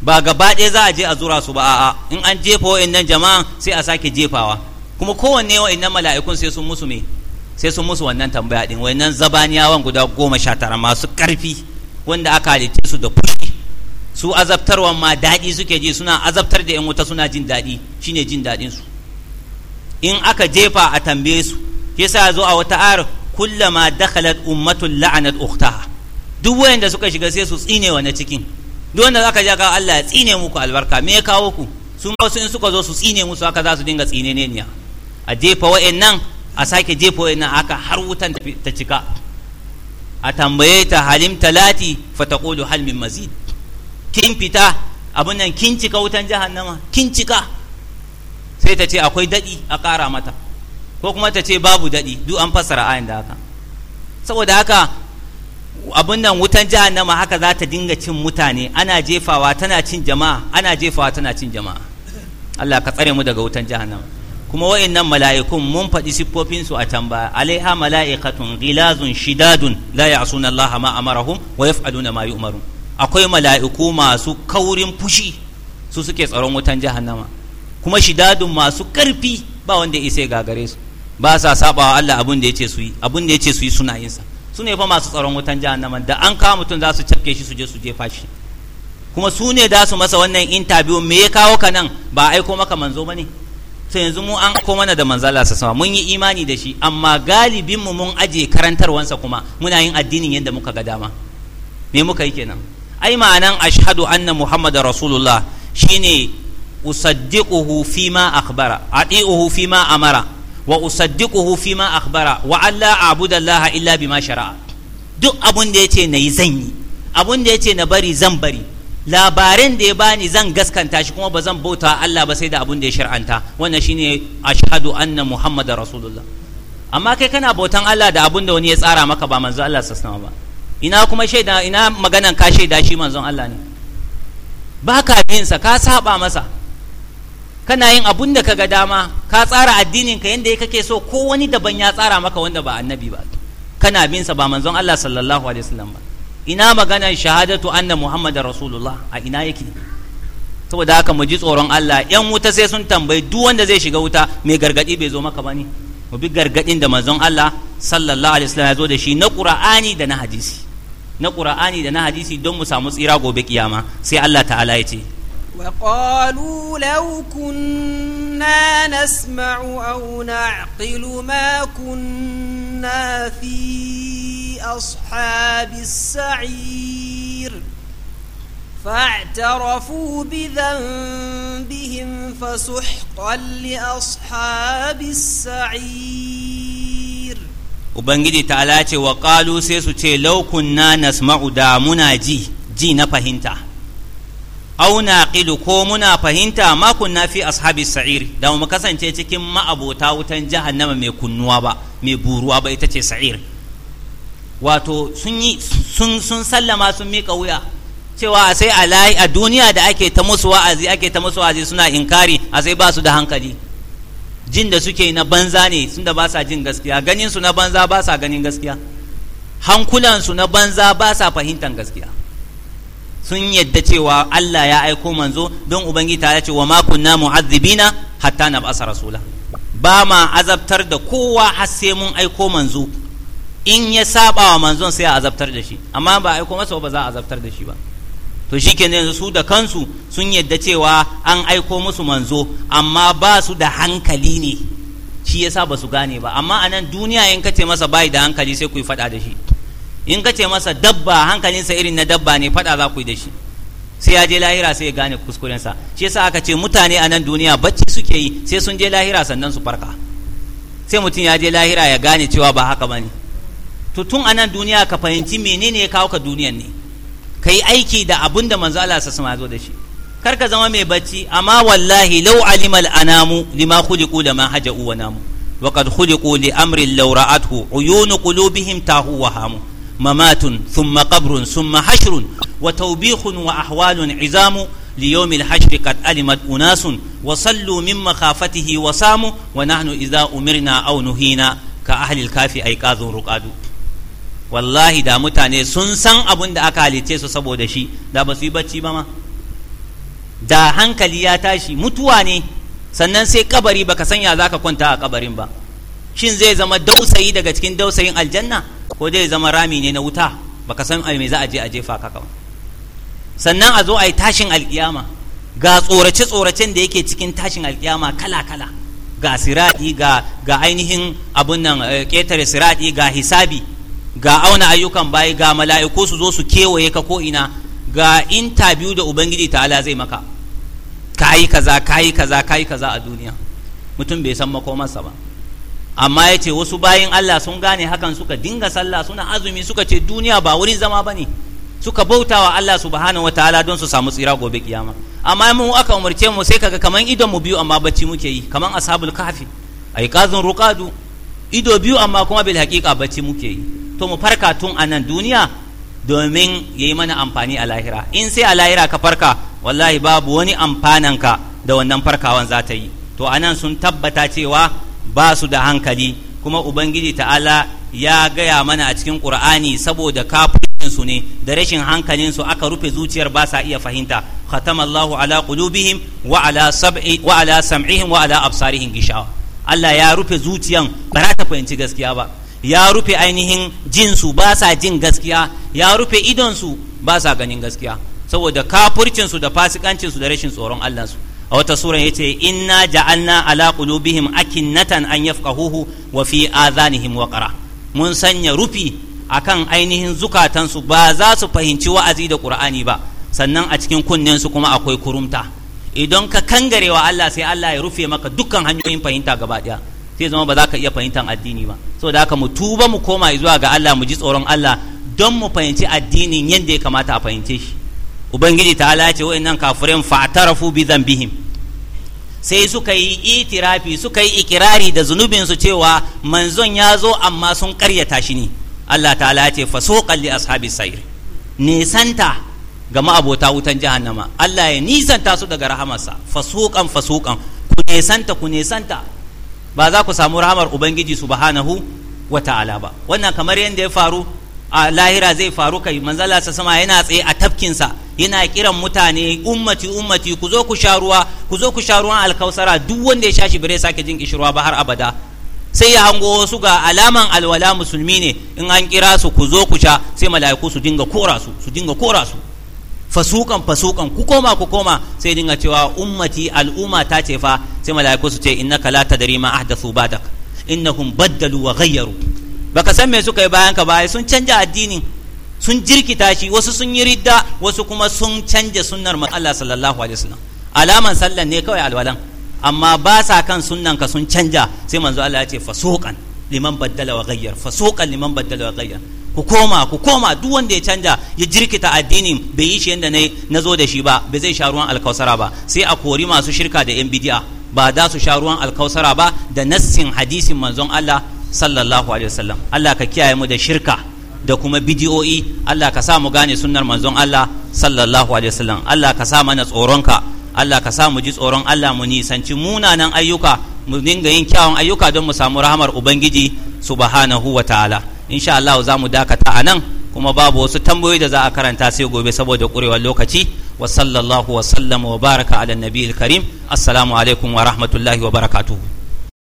ba gaba ɗaya za a je a zura su ba a'a in an jefa wa'annan jama'an sai a sake jefawa kuma kowanne wa'annan mala'ikun sai sun musu me sai sun musu wannan tambaya din wa'annan zabaniyawan guda goma sha tara masu ƙarfi wanda aka halitta su da fushi su azabtarwan ma daɗi suke ji suna azabtar da 'yan wuta suna jin daɗi shine jin daɗin su in aka jefa a tambaye su a zo a wata ayar kullama dakhalat ummatul la'anat ukhtaha duk wayanda suka shiga sai su tsine wa na cikin duk wanda zaka ja kawo Allah ya tsine muku albarka me ya kawo ku su ma wasu in suka zo su tsine musu haka za su dinga tsine ne niya a jefa wa'in nan a sake jefa wa'in nan haka har wutan ta cika a tambaye ta halim talati fa taqulu hal min mazid kin fita abun nan kin cika wutan jahannama kin cika sai ta ce akwai daɗi a ƙara mata ko kuma ta ce babu daɗi duk an fassara ayin da haka saboda haka abun nan wutan jahannama haka za ta dinga cin mutane ana jefawa tana cin jama'a ana jefawa tana cin jama'a Allah ka tsare mu daga wutan jahannama kuma wa'annan mala'ikun mun faɗi siffofin su a can ba alaiha mala'ikatun ghilazun shidadun la ya'suna Allah ma amarahum wa yaf'aluna ma yu'marun akwai mala'iku masu kaurin fushi su suke tsaron wutan jahannama kuma shidadun masu karfi ba wanda ya isa gagare su ba sa sabawa Allah abun da yace su yi abun da yace su yi suna yin sa su ne fa masu tsaron wutan jahannaman da an kawo mutum za su cafke shi su je su jefa shi kuma su ne za su masa wannan interview me ya kawo ka nan ba aiko maka manzo ba ne to yanzu mu an ko mana da manzala sa sama mun yi imani da shi amma galibin mu mun aje karantarwansa kuma muna yin addinin yadda muka ga dama me muka yi kenan ai ma'anan ashhadu anna muhammadar rasulullah shine usaddiquhu fima akhbara adi'uhu fima amara wa usaddiquhu fi ma akhbara wa alla a'budu allaha illa bima shara'a duk abun da yace nayi zan yi abun da yace na bari zan bari labarin da ya bani zan gaskanta shi kuma ba zan bauta Allah ba sai da abun da ya shar'anta wannan shine ashhadu anna muhammadar rasulullah amma kai kana bautan Allah da abun da wani ya tsara maka ba manzo Allah sallallahu ba ina kuma shaida ina maganan ka shaida shi manzon Allah ne ba ka bin sa ka saba masa kana yin abun da ka ga dama ka tsara addininka yadda kake so ko wani daban ya tsara maka wanda ba annabi ba kana bin sa ba manzon Allah sallallahu alaihi wasallam ba ina magana shahadatu anna muhammadar rasulullah a ina yake saboda haka mu ji tsoron Allah yan wuta sai sun tambayi duk wanda zai shiga wuta mai gargadi bai zo maka bane mu bi gargadin da manzon Allah sallallahu alaihi wasallam ya zo da shi na qur'ani da na hadisi na qur'ani da na hadisi don mu samu tsira gobe kiyama sai Allah ta'ala ya ce وقالوا لو كنا نسمع أو نعقل ما كنا في أصحاب السعير فاعترفوا بذنبهم فسحقا لأصحاب السعير وبنجدي تعالى وقالوا سيسو لو كنا نسمع دامنا جي جي نفهمتها aw naqilu ko muna fahimta ma kunna fi ashabi sa'ir da mu kasance cikin ma'abota wutan jahannama mai kunnuwa ba mai buruwa ba ita ce sa'ir wato sun yi sun sun sallama sun mika wuya cewa a sai alai a duniya da ake ta musu wa'azi ake ta musu wa'azi suna inkari a sai ba su da hankali jin da suke na banza ne sun da ba sa jin gaskiya ganin su na banza ba sa ganin gaskiya hankulansu na banza ba sa fahimtar gaskiya sun yadda cewa Allah ya aiko manzo don ubangiji ta ce wa ma kunna mu'azzibina hatta nab'asa rasula ba ma azabtar da kowa har sai mun aiko manzo in ya saba wa manzon sai a azabtar da shi amma ba aiko masa ba za a azabtar da shi ba to shi yanzu su da kansu sun yadda cewa an aiko musu manzo amma ba su da hankali ne shi yasa ba su gane ba amma anan duniya in kace masa bai da hankali sai ku yi faɗa da shi in ka ce masa dabba hankalinsa irin na dabba ne faɗa za ku yi da shi sai ya je lahira sai ya gane kuskurensa shi yasa aka ce mutane a nan duniya bacci suke yi sai sun je lahira sannan su farka sai mutum ya je lahira ya gane cewa ba haka bane to tun a nan duniya ka fahimci menene ya kawo ka duniyan ne ka yi aiki da abun da manzo Allah sa sama da shi kar ka zama mai bacci amma wallahi law alimal anamu lima khuliqu lama haja'u wa namu wa khuliqu li amrin law uyunu qulubihim tahu wa hamu ممات ثم قبر ثم حشر وتوبيخ وأحوال عزام ليوم الحشر قد ألمت أناس وصلوا من مخافته وصاموا ونحن إذا أمرنا أو نهينا كأهل الكاف أيقاظ رقاد wallahi da mutane sun san abin da aka halice su saboda shi da ba su yi bacci ba ma da hankali ya tashi mutuwa ne sannan sai kabari baka sanya za ka kwanta a kabarin ba shin zai zama dausayi daga cikin dausayin aljanna ko dai zama rami ne na wuta baka san me za a je a jefa ka kawai sannan a zo a yi tashin alkiyama ga tsorace tsoracen da yake cikin tashin alkiyama kala kala ga siradi ga ga ainihin abun nan ketare eh, siradi ga hisabi ga auna ayyukan bayi ga mala'iku su zo su kewaye ka ko ina ga interview da ubangiji ta'ala zai maka kayi kaza kayi kaza kayi kaza a duniya mutum bai san makomarsa ba amma ya ce wasu bayan Allah sun gane hakan suka dinga sallah suna azumi suka ce duniya ba wurin zama ba ne suka bauta wa Allah subhanahu wa ta'ala don su samu tsira gobe kiyama amma mu aka umarce mu sai kaga kaman idon mu biyu amma bacci muke yi kaman ashabul kahfi ay qazun ruqadu ido biyu amma kuma bil haqiqa bacci muke yi to mu farka tun anan duniya domin yayi mana amfani a lahira in sai a lahira ka farka wallahi babu wani amfanan da wannan farkawan za ta yi to anan sun tabbata cewa ba su da hankali kuma ubangiji ta'ala ya gaya mana a cikin ƙur'ani saboda kafirin ne da rashin hankalinsu aka rufe zuciyar ba sa iya fahimta khatama Allahu ala qulubihim wa ala sab'i wa ala sam'ihim wa ala absarihim gishawa Allah ya rufe zuciyan ba za ta fahimci gaskiya ba ya rufe ainihin jinsu ba sa jin gaskiya ya rufe idonsu ba sa ganin gaskiya saboda kafircinsu da fasikancinsu da rashin tsoron Allahnsu a wata sura yace inna ja'alna ala qulubihim akinnatan an yafqahuhu wa fi adhanihim waqara mun sanya rufi akan ainihin zukatansu ba za su fahimci wa'azi da qur'ani ba sannan a cikin kunnen su kuma akwai kurumta idan ka kangarewa Allah sai Allah ya rufe maka dukkan hanyoyin fahimta gaba daya sai zama ba za ka iya fahimtar addini ba saboda haka mu tuba mu koma zuwa ga Allah mu ji tsoron Allah don mu fahimci addinin yadda ya kamata a fahimce shi ubangiji ta ce wa'annan kafirin fatarafu bi dhanbihim sai suka yi itirafi suka yi ikirari da zunubinsu cewa manzon ya zo amma sun karyata shi ne Allah ala ce faso kalli ashabi sayir nisanta ga ma'abota wutan jahannama Allah ya nisanta su daga rahamarsa fasukan fasukan ku nisanta ku nisanta ba za ku samu rahamar ubangiji subhanahu wa ta'ala ba wannan kamar yadda ya faru a lahira zai faru kai manzala sa sama yana tsaye a tafkinsa yana kiran mutane ummati ummati ku zo ku sha ruwa ku zo ku sha ruwan alkausara duk wanda ya sha shi bare sake jin kishirwa ba har abada sai ya hango wasu ga alaman alwala musulmi ne in an kira su ku zo ku sha sai mala'iku su dinga kora su su dinga kora su fasukan fasukan ku koma ku koma sai dinga cewa ummati al'umma ta ce fa sai mala'iku su ce innaka la tadri ma ahdathu badak innahum baddalu wa ghayyaru baka san me suka yi bayan ka ba sun canja addinin sun jirkita shi wasu sun yi ridda wasu kuma sun canja sunnar Allah sallallahu alaihi wasallam alaman sallan ne kawai alwalan amma ba sa kan sunnan ka sun canja sai manzo Allah ya ce fasuqan liman baddala wa ghayyar fasuqan liman baddala wa ghayyar ku koma ku koma duk wanda ya canja ya jirkita addinin bai yi shi yanda na zo da shi ba bai zai sha ruwan alkausara ba sai a kori masu shirka da yan bidi'a ba za su sha ruwan alkausara ba da nassin hadisin manzon Allah sallallahu alaihi wasallam Allah ka kiyaye mu da shirka da kuma bidiyoyi Allah ka sa mu gane sunnar manzon Allah sallallahu alaihi wasallam Allah ka sa mana tsoronka Allah ka sa mu ji tsoron Allah mu nisanci munanan ayyuka mu dinga yin kyawun ayyuka don mu samu rahamar ubangiji subhanahu wa ta'ala insha Allah za mu dakata a nan kuma babu wasu tambayoyi da za a karanta sai gobe saboda kurewar lokaci wa sallallahu wa sallam wa baraka ala nabiyil karim assalamu alaikum wa rahmatullahi wa barakatuhu